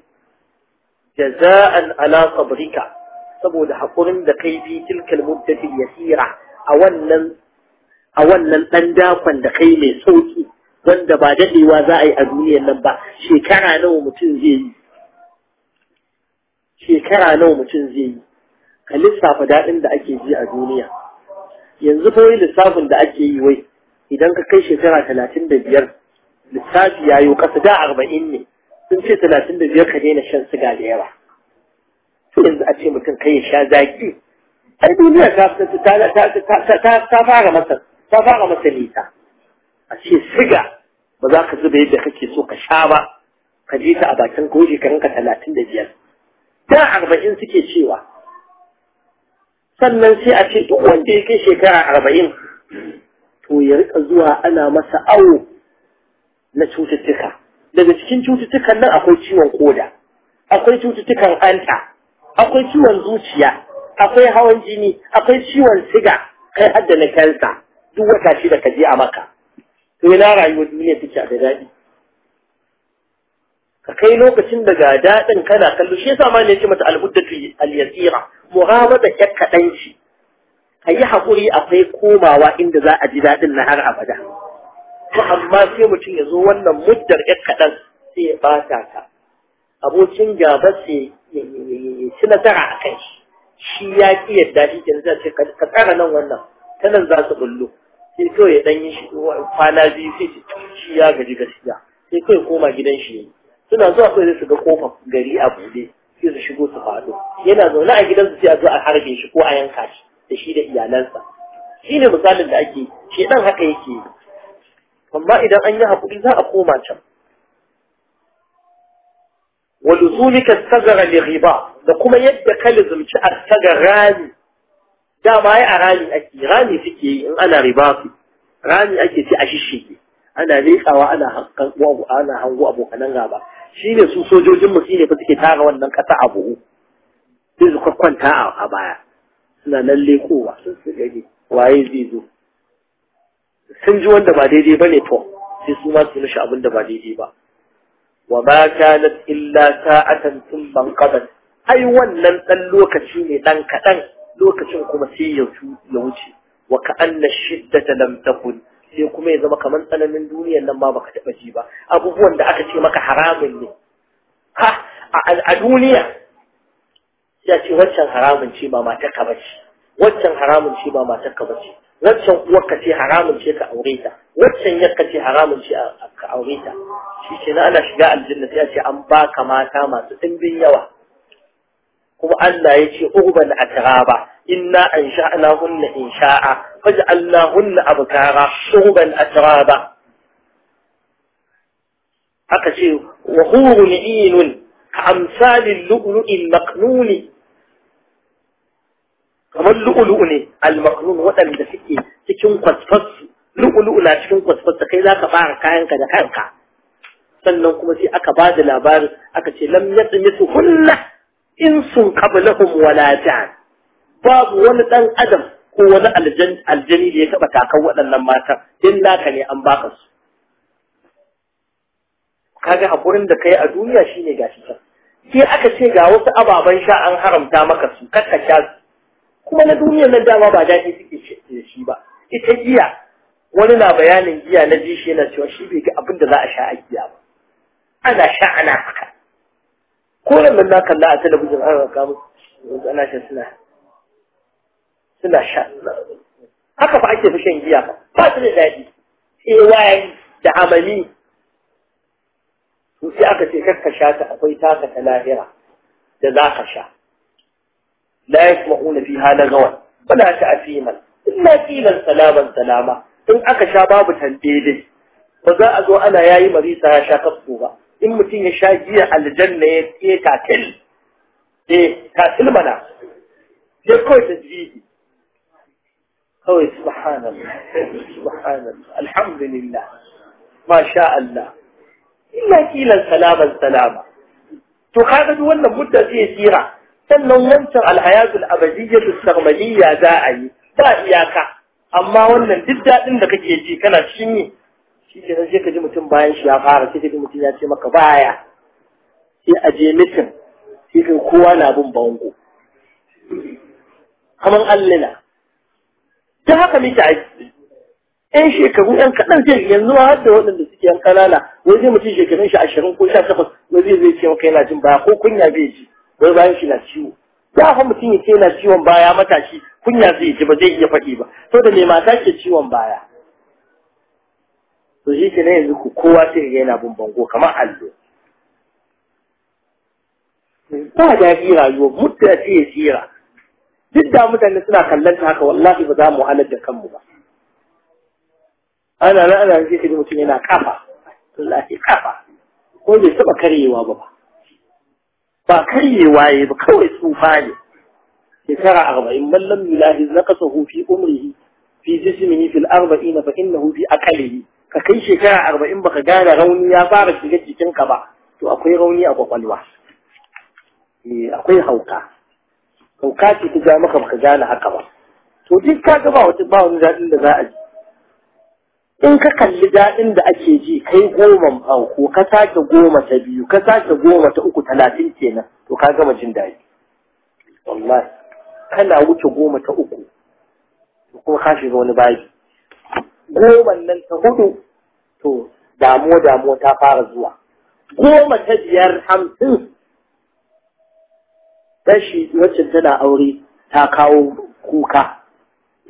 jaza'an ala sabrika saboda haƙurin da kai fi tilkal muddatil yasira a wannan a wannan ɗan dakon da kai mai sauki wanda ba daɗewa za a yi a duniyar nan ba shekara nawa mutum zai yi shekara nawa mutum zai yi ka lissafa daɗin da ake ji a duniya yanzu fa lissafin da ake yi wai idan ka kai shekara talatin da biyar lissafi ya yi kasa. da arba'in ne sun ce talatin da biyar ka daina shan siga da yawa yanzu a ce mutum kai ya sha zaki ai duniya ta ta fara masa ta fara masa nisa a ce siga ba za ka zuba yadda kake so ka sha ba ka je ta a bakin ko shekarunka talatin da biyar da arba'in suke cewa sannan sai a ce duk wanda ya kai shekara arba'in to ya rika zuwa ana masa awo na cututtuka daga cikin cututtukan nan akwai ciwon koda akwai cututtukan hanta akwai ciwon zuciya akwai hawan jini akwai ciwon siga kai hadda na kansa duk wata shida ka je a maka to ina rayuwa duniya take da daɗi ka kai lokacin daga daɗin kana kallo shi yasa ma ne yake mata al-muddatu al-yasira muhamada yak kadan shi ayi hakuri akwai komawa inda za a ji daɗin na har abada to amma sai mutum ya zo wannan muddar yak kaɗan sai ya bata ka. abokin gaba sai suna nasara a kan shi shi ya ƙi yadda shi ke zai ce ka tsara nan wannan ta nan za su bullo sai kawai ya ɗanyi shi kwana biyu sai ce shi ya gaji gaskiya sai kawai koma gidan shi ne suna zuwa kawai zai su ga kofa gari a buɗe sai su shigo su faɗo yana zaune a gidansu sai a zo a harbe shi ko a yanka shi da shi da iyalansa shi ne misalin da ake shi ɗan haka yake amma idan an yi haƙuri za a koma can wa luzumika sagara li riba da kuma yadda ka luzumci astagar rami dama ai a rami ake rami suke yi in ana riba su rami ake ci a shishige ana leƙawa ana hankan ana hango abokanan gaba shine su sojojin mu shine fa suke tara wannan kasa a buhu sai su kwakwanta a baya suna nan lekowa sun su gani waye zai zo sun ji wanda ba daidai ba ne to sai su ma su mishi abin da ba daidai ba وما كانت إلا ساعة ثم انقبت أي ونن اللوكة شيني دنك دن لوكة شنكم سي وكأن الشدة لم تكن سيكم إذا ما كمان أنا من دوني أن ما بكت أجيبا أبو هون عند أكتي ما كحرام لي ها الدنيا يا شيء وش حرام شيء ما ما تكبش وش حرام شيء ما ما تكبش waccan uwarka ce haramun ce ka aure ta waccan yakka ce haramun ce ka aure ta shi ce na ana shiga aljanna sai a ce an baka mata masu ɗimbin yawa kuma Allah ya ce urban atraba inna an sha'ana hunna in sha'a faj'alna hunna abkara urban atraba haka ce wa hurun inun ka amsalin lu'lu'il maqnuni kamar lu'ulu'u ne al waɗanda suke cikin kwasfasu lu'ulu'u na cikin kwasfasu kai zaka fara kayanka da kanka sannan kuma sai aka ba da labarin aka ce lam yasmitu hunna sun qablahum wala jan babu wani ɗan adam ko wani aljani da ya taba takan waɗannan mata in naka ne an baka su kaga hakurin da kai a duniya shine gashi can sai aka ce ga wasu ababen sha an haramta maka su kakka su kuma na duniya nan dama ba daɗi suke shi ba ita giya wani na bayanin giya na ji shi yana cewa shi bai ga abin da za a sha a giya ba ana sha ana haka ko nan na kalla a talabijin an raka ana sha suna suna sha haka fa ake fi giya ba ba su da daɗi tsewaye da amani sai aka ce kakka sha ta akwai taka ta lahira da za ka sha لا يسمعون فيها لغوا ولا تأثيما إلا قيلا سلاما سلاما إن أكا شباب تنبيده فذا أزو أنا ياي مريسا يا شاكبتوها إن متين يشاجي على الجنة إيه تاكل إيه تاكل منا يا كوي تجريدي أوي سبحان الله سبحان الله الحمد لله ما شاء الله إلا قيلا سلاما سلاما to دولنا مدة wannan سيرة sannan wancan alhayatul abadiyyah sarmadiyya za a yi ba iyaka amma wannan duk daɗin da kake ji kana cikin yi shi ke sai ka ji mutum bayan shi ya fara sai ka ji mutum ya ce maka baya sai a je mitin sai ka kowa na bin bango kaman allina ta haka mita aiki yan shekaru yan kaɗan zai yanzu ma har da waɗanda suke yan ƙanana wai zai mutum shekarun shi ashirin ko sha takwas wai zai zai ce maka yana jin baya ko kunya bai ji wai bayan shi na ciwo ya fa mutum ya ce yana ciwon baya matashi kunya zai ji ba zai iya faɗi ba to da mai mata ke ciwon baya to shi ke na yanzu ku kowa sai ga yana bin bango kamar allo ba daɗi rayuwa mutta sai ya tsira duk da mutane suna kallon ta haka wallahi ba za mu halar da kanmu ba ana nan ana sai ka ji mutum yana kafa wallahi kafa ko bai taɓa karyewa ba ba ba karyewa waye ba kawai tsufa ne shekara arba'in mallam yulahi nakasa hufi, umrihi fi jismihi fil arba'in fa innahu fi aqalihi ka kai shekara arba'in baka gane rauni ya fara shiga jikinka ba to akwai rauni a kwakwalwa eh, akwai hauka hauka ce ta ja maka baka gane haka ba to duk ka ga ba wata ba wani daɗin da za a ji in ka kalli daɗin da ake ji kai goma farko ka sake goma ta biyu ka sake goma ta uku talatin kenan to ka gama jin daɗi wallahi kana wuce goma ta uku to kuma ka shiga wani bayi Goma nan ta hudu to damuwa damuwa ta fara zuwa goma ta biyar hamsin rashi wacce tana aure ta kawo kuka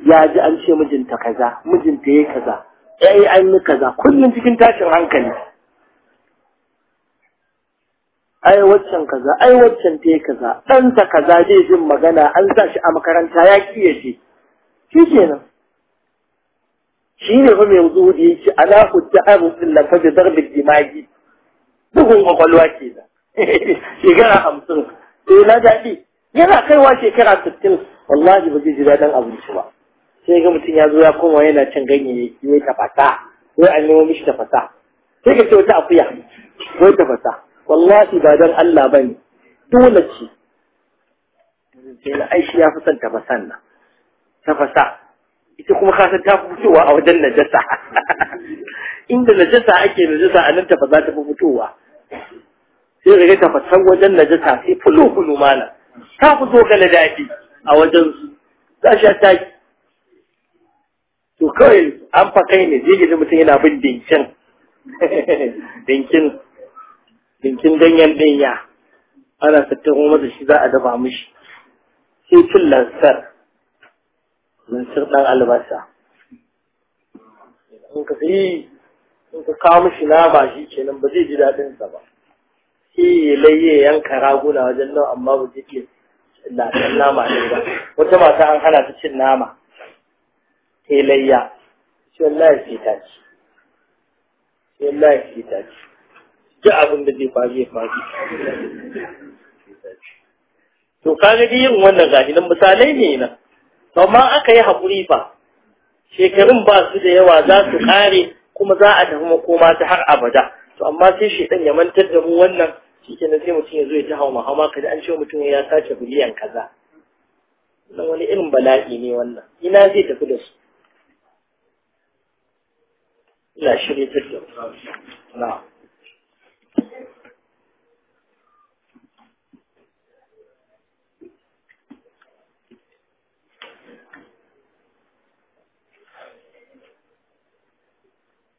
ya ji an ce mijinta kaza mijinta ya kaza ai an yi kaza kullum cikin tashin hankali ai waccan kaza ai waccan te kaza ta kaza zai jin magana an sa shi a makaranta ya kiye shi kenan shi ne fa mai zuhudi yake ala hujja abu illa fa bi darbi dimagi bugun kokolwa ke da shekara hamsin sai eh, na daɗi yana kaiwa shekara sittin wallahi ba zai ji daɗin abinci ba sai ga mutum ya zo ya koma yana cin ya yi tafasa ko an yi mishi tafasa sai ka ce wata akuya wai tafasa wallahi ba dan Allah bane dole ce sai na aishi ya fi son tafasan nan tafasa ita kuma ka san ta fitowa a wajen najasa inda najasa ake najasa a nan tafasa ta fi fitowa sai ga tafasan wajen najasa sai fulu fulu mana ta fi zo ga daɗi a wajen su za shi ta to kawai an fa kai ne je mutum yana bin dinkin dinkin dinkin danyen ɗanya ana kuma masa shi za a dafa mishi sai cin lansar lansar ɗan albasa in ka sai in ka kawo mishi nama shi kenan ba zai ji daɗinsa ba shi yi laye yanka raguna wajen nan amma ba zai ke lansar nama ne ba wata mata an hana ta cin nama sai shi sai wallahi sai ta ci sai wallahi sai ta ci duk abin da zai faru ya faru to kaga dai yin wannan gashi nan misalai ne na ma aka yi haƙuri fa shekarun ba su da yawa za su ƙare kuma za a tafi makoma ta har abada to amma sai shedan ya mantar da mu wannan shi kenan sai mutum ya zo ya ta ma hawa kada an ce mutum ya sace biliyan kaza wani irin bala'i ne wannan ina zai tafi da su Yeah, should be picked up. Now.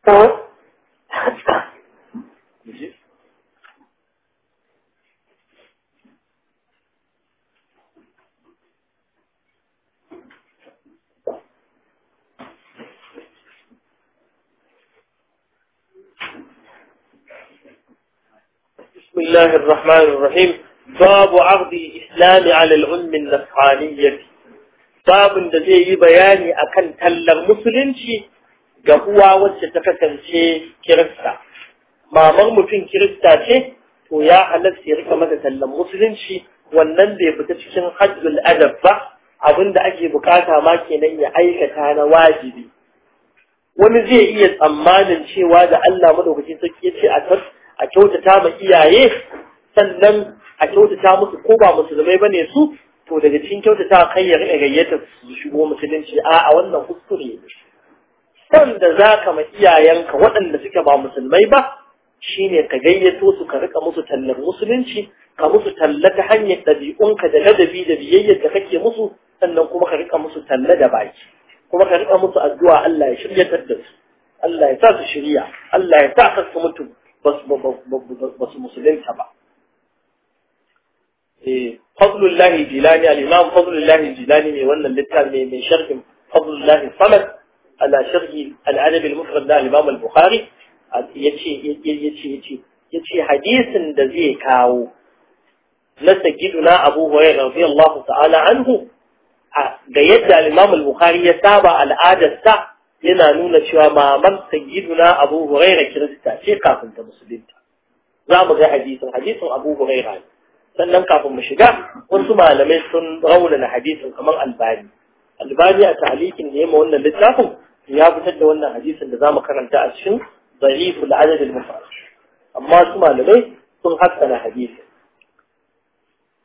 So, الله الرحمن الرحيم باب عرض الإسلام على الأم النصرانية da zai yi bayani akan tallar musulunci ga uwa wacce ta kasance kirista mamar mutum kirista ce to ya halatta ya rika mata tallan musulunci wannan bai fita cikin hajjul adab ba da ake bukata ma kenan ya aikata na wajibi wani zai iya tsammanin cewa da Allah madaukakin sarki ya ce a a kyautata ma iyaye sannan a kyautata musu ko ba musulmai bane su to daga cikin kyautata kai ya rika gayyata su shigo musulunci a a wannan kuskure san da zaka ma iyayenka waɗanda suke ba musulmai ba shine ka gayyato su ka rika musu tallar musulunci ka musu talla ta hanyar ɗabi'unka da ladabi da biyayyar da kake musu sannan kuma ka rika musu talla da baki kuma ka rika musu addu'a Allah ya shiryatar da su Allah ya sa su shirya Allah ya sa ka su mutu بس بس مسلم تبع إيه، فضل الله الجيلاني الإمام فضل الله جلاني ولا اللي من شرح فضل الله الصمد على شرح العلم المفرد له الإمام البخاري يتشي يتشي يتشي يتشي يتشي حديث دزي كاو نسجدنا أبو هريرة رضي الله تعالى عنه قيد الإمام البخاري يتابع العادة السعر yana nuna cewa maman sayyiduna abu huraira kirista ce kafin ta musulunta za mu ga hadisin hadisin abu huraira sannan kafin mu shiga wasu malamai sun na hadisin kamar albani albani a ta'alikin ne yamma wannan littafin ya fitar da wannan hadisin da zamu karanta a cikin zarifu al'adad al-mufrad amma su malamai sun hassana hadisin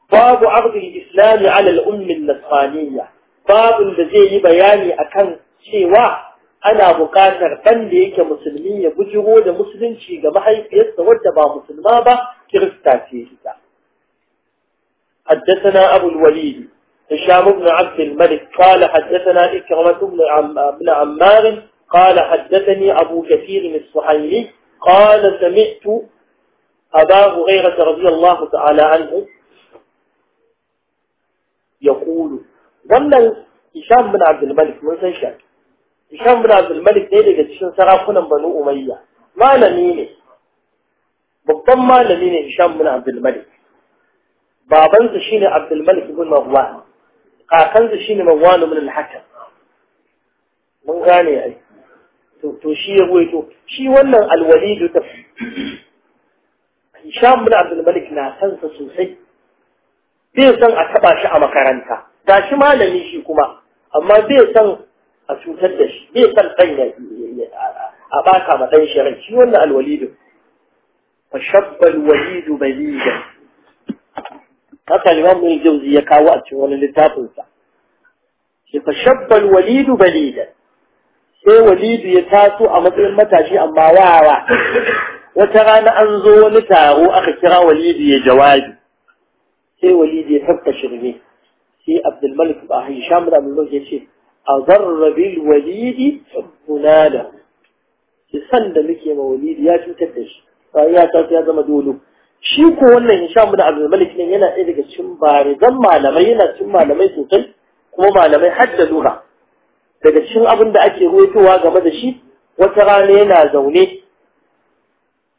babu abdu al-islam ala al-umm al-nasraniyya babu da zai yi bayani akan cewa ana buƙatar ɗan da yake musulmi ya bujiro da musulunci ga mahaifiyarsa wadda ba musulma ba kirista ce ita حدثنا أبو الوليد هشام بن عبد الملك قال حدثنا إكرمة بن, عم بن عمار قال حدثني أبو كثير الصحيحي قال سمعت أبا هريرة رضي الله تعالى عنه يقول ظن هشام بن عبد الملك من سنشاك Hisham bin Abdul Malik ɗaya daga cikin sarakunan Banu Umayya malami ne babban malami ne Hisham bin Abdul Malik babansa shine Abdul Malik ibn Marwan kakansa shine Marwan ibn al-Hakam mun gane ai to to shi ya ruwaito shi wannan al-Walid ta Hisham bin Abdul Malik na san sa sosai bai san a taba shi a makaranta gashi malami shi kuma amma bai san a cutar da shi ايسر قيلة اعطاك ما دايش يغنشي ولا الوليد فشب الوليد بليدا هذا الامام الجوزي يكاوات ولا اللي تابلتا فشب الوليد بليدا ايه وليد يتاسو اما تقول متى شيء اما واوا وتغان انزو ونتاغو اخي ترى وليد يجواج ايه وليد يتفتش غني ايه عبد الملك باهي شامر عبد الملك يشيه أضر بالوليد منالا سند يا موليد يا شو تدش فيا تاتي هذا مدولو شيكو ولا إن شاء الله عبد الملك نينا إذا كشم بارد ما لما ينا شم على ما يسوي وما لما يحدد لها إذا شم أبن بأكي هو توا جم هذا شيء وتراني أنا زوني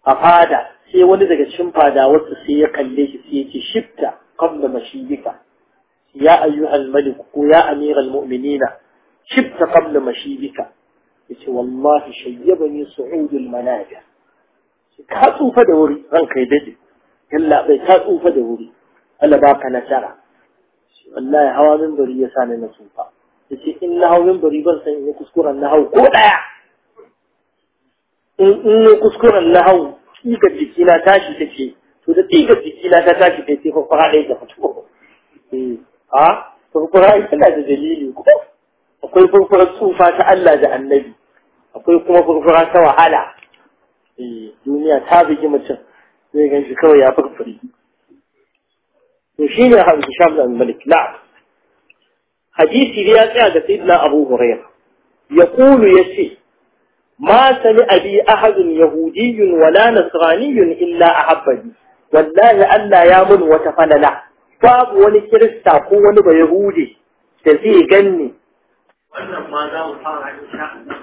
أفادا سي ولا إذا كشم بارد وتسي قليش سي تشبت قبل ما شيبك يا أيها الملك ويا أمير المؤمنين شبت قبل مشيبك yace wallahi shayyabani su'udul manaja ka tsufa da wuri ranka ya dade yalla bai ka tsufa da wuri Allah baka nasara wallahi hawa min bari ya sani na tsufa yace in na hawa min bari ban san in kuskuren na hau ko daya in in kuskuren na hau tsigar jikina tashi take to da tsigar jikina ta tashi take sai fa fara da fito eh a to fara ina da dalili ko akwai furfurar tsufa ta Allah da annabi akwai kuma furfura ta wahala eh duniya ta bigi mutum zai gan shi kawai ya furfuri to shi ne hadisi sham da malik la hadisi ya tsaya ga sayyidina abu hurairah yaqulu yace ما سمع بي أحد يهودي ولا نصراني إلا أحبني والله ألا يامن وتفللا باب ونكرستا قوة بيهودي تزي جني 真的吗？那我上来就掐。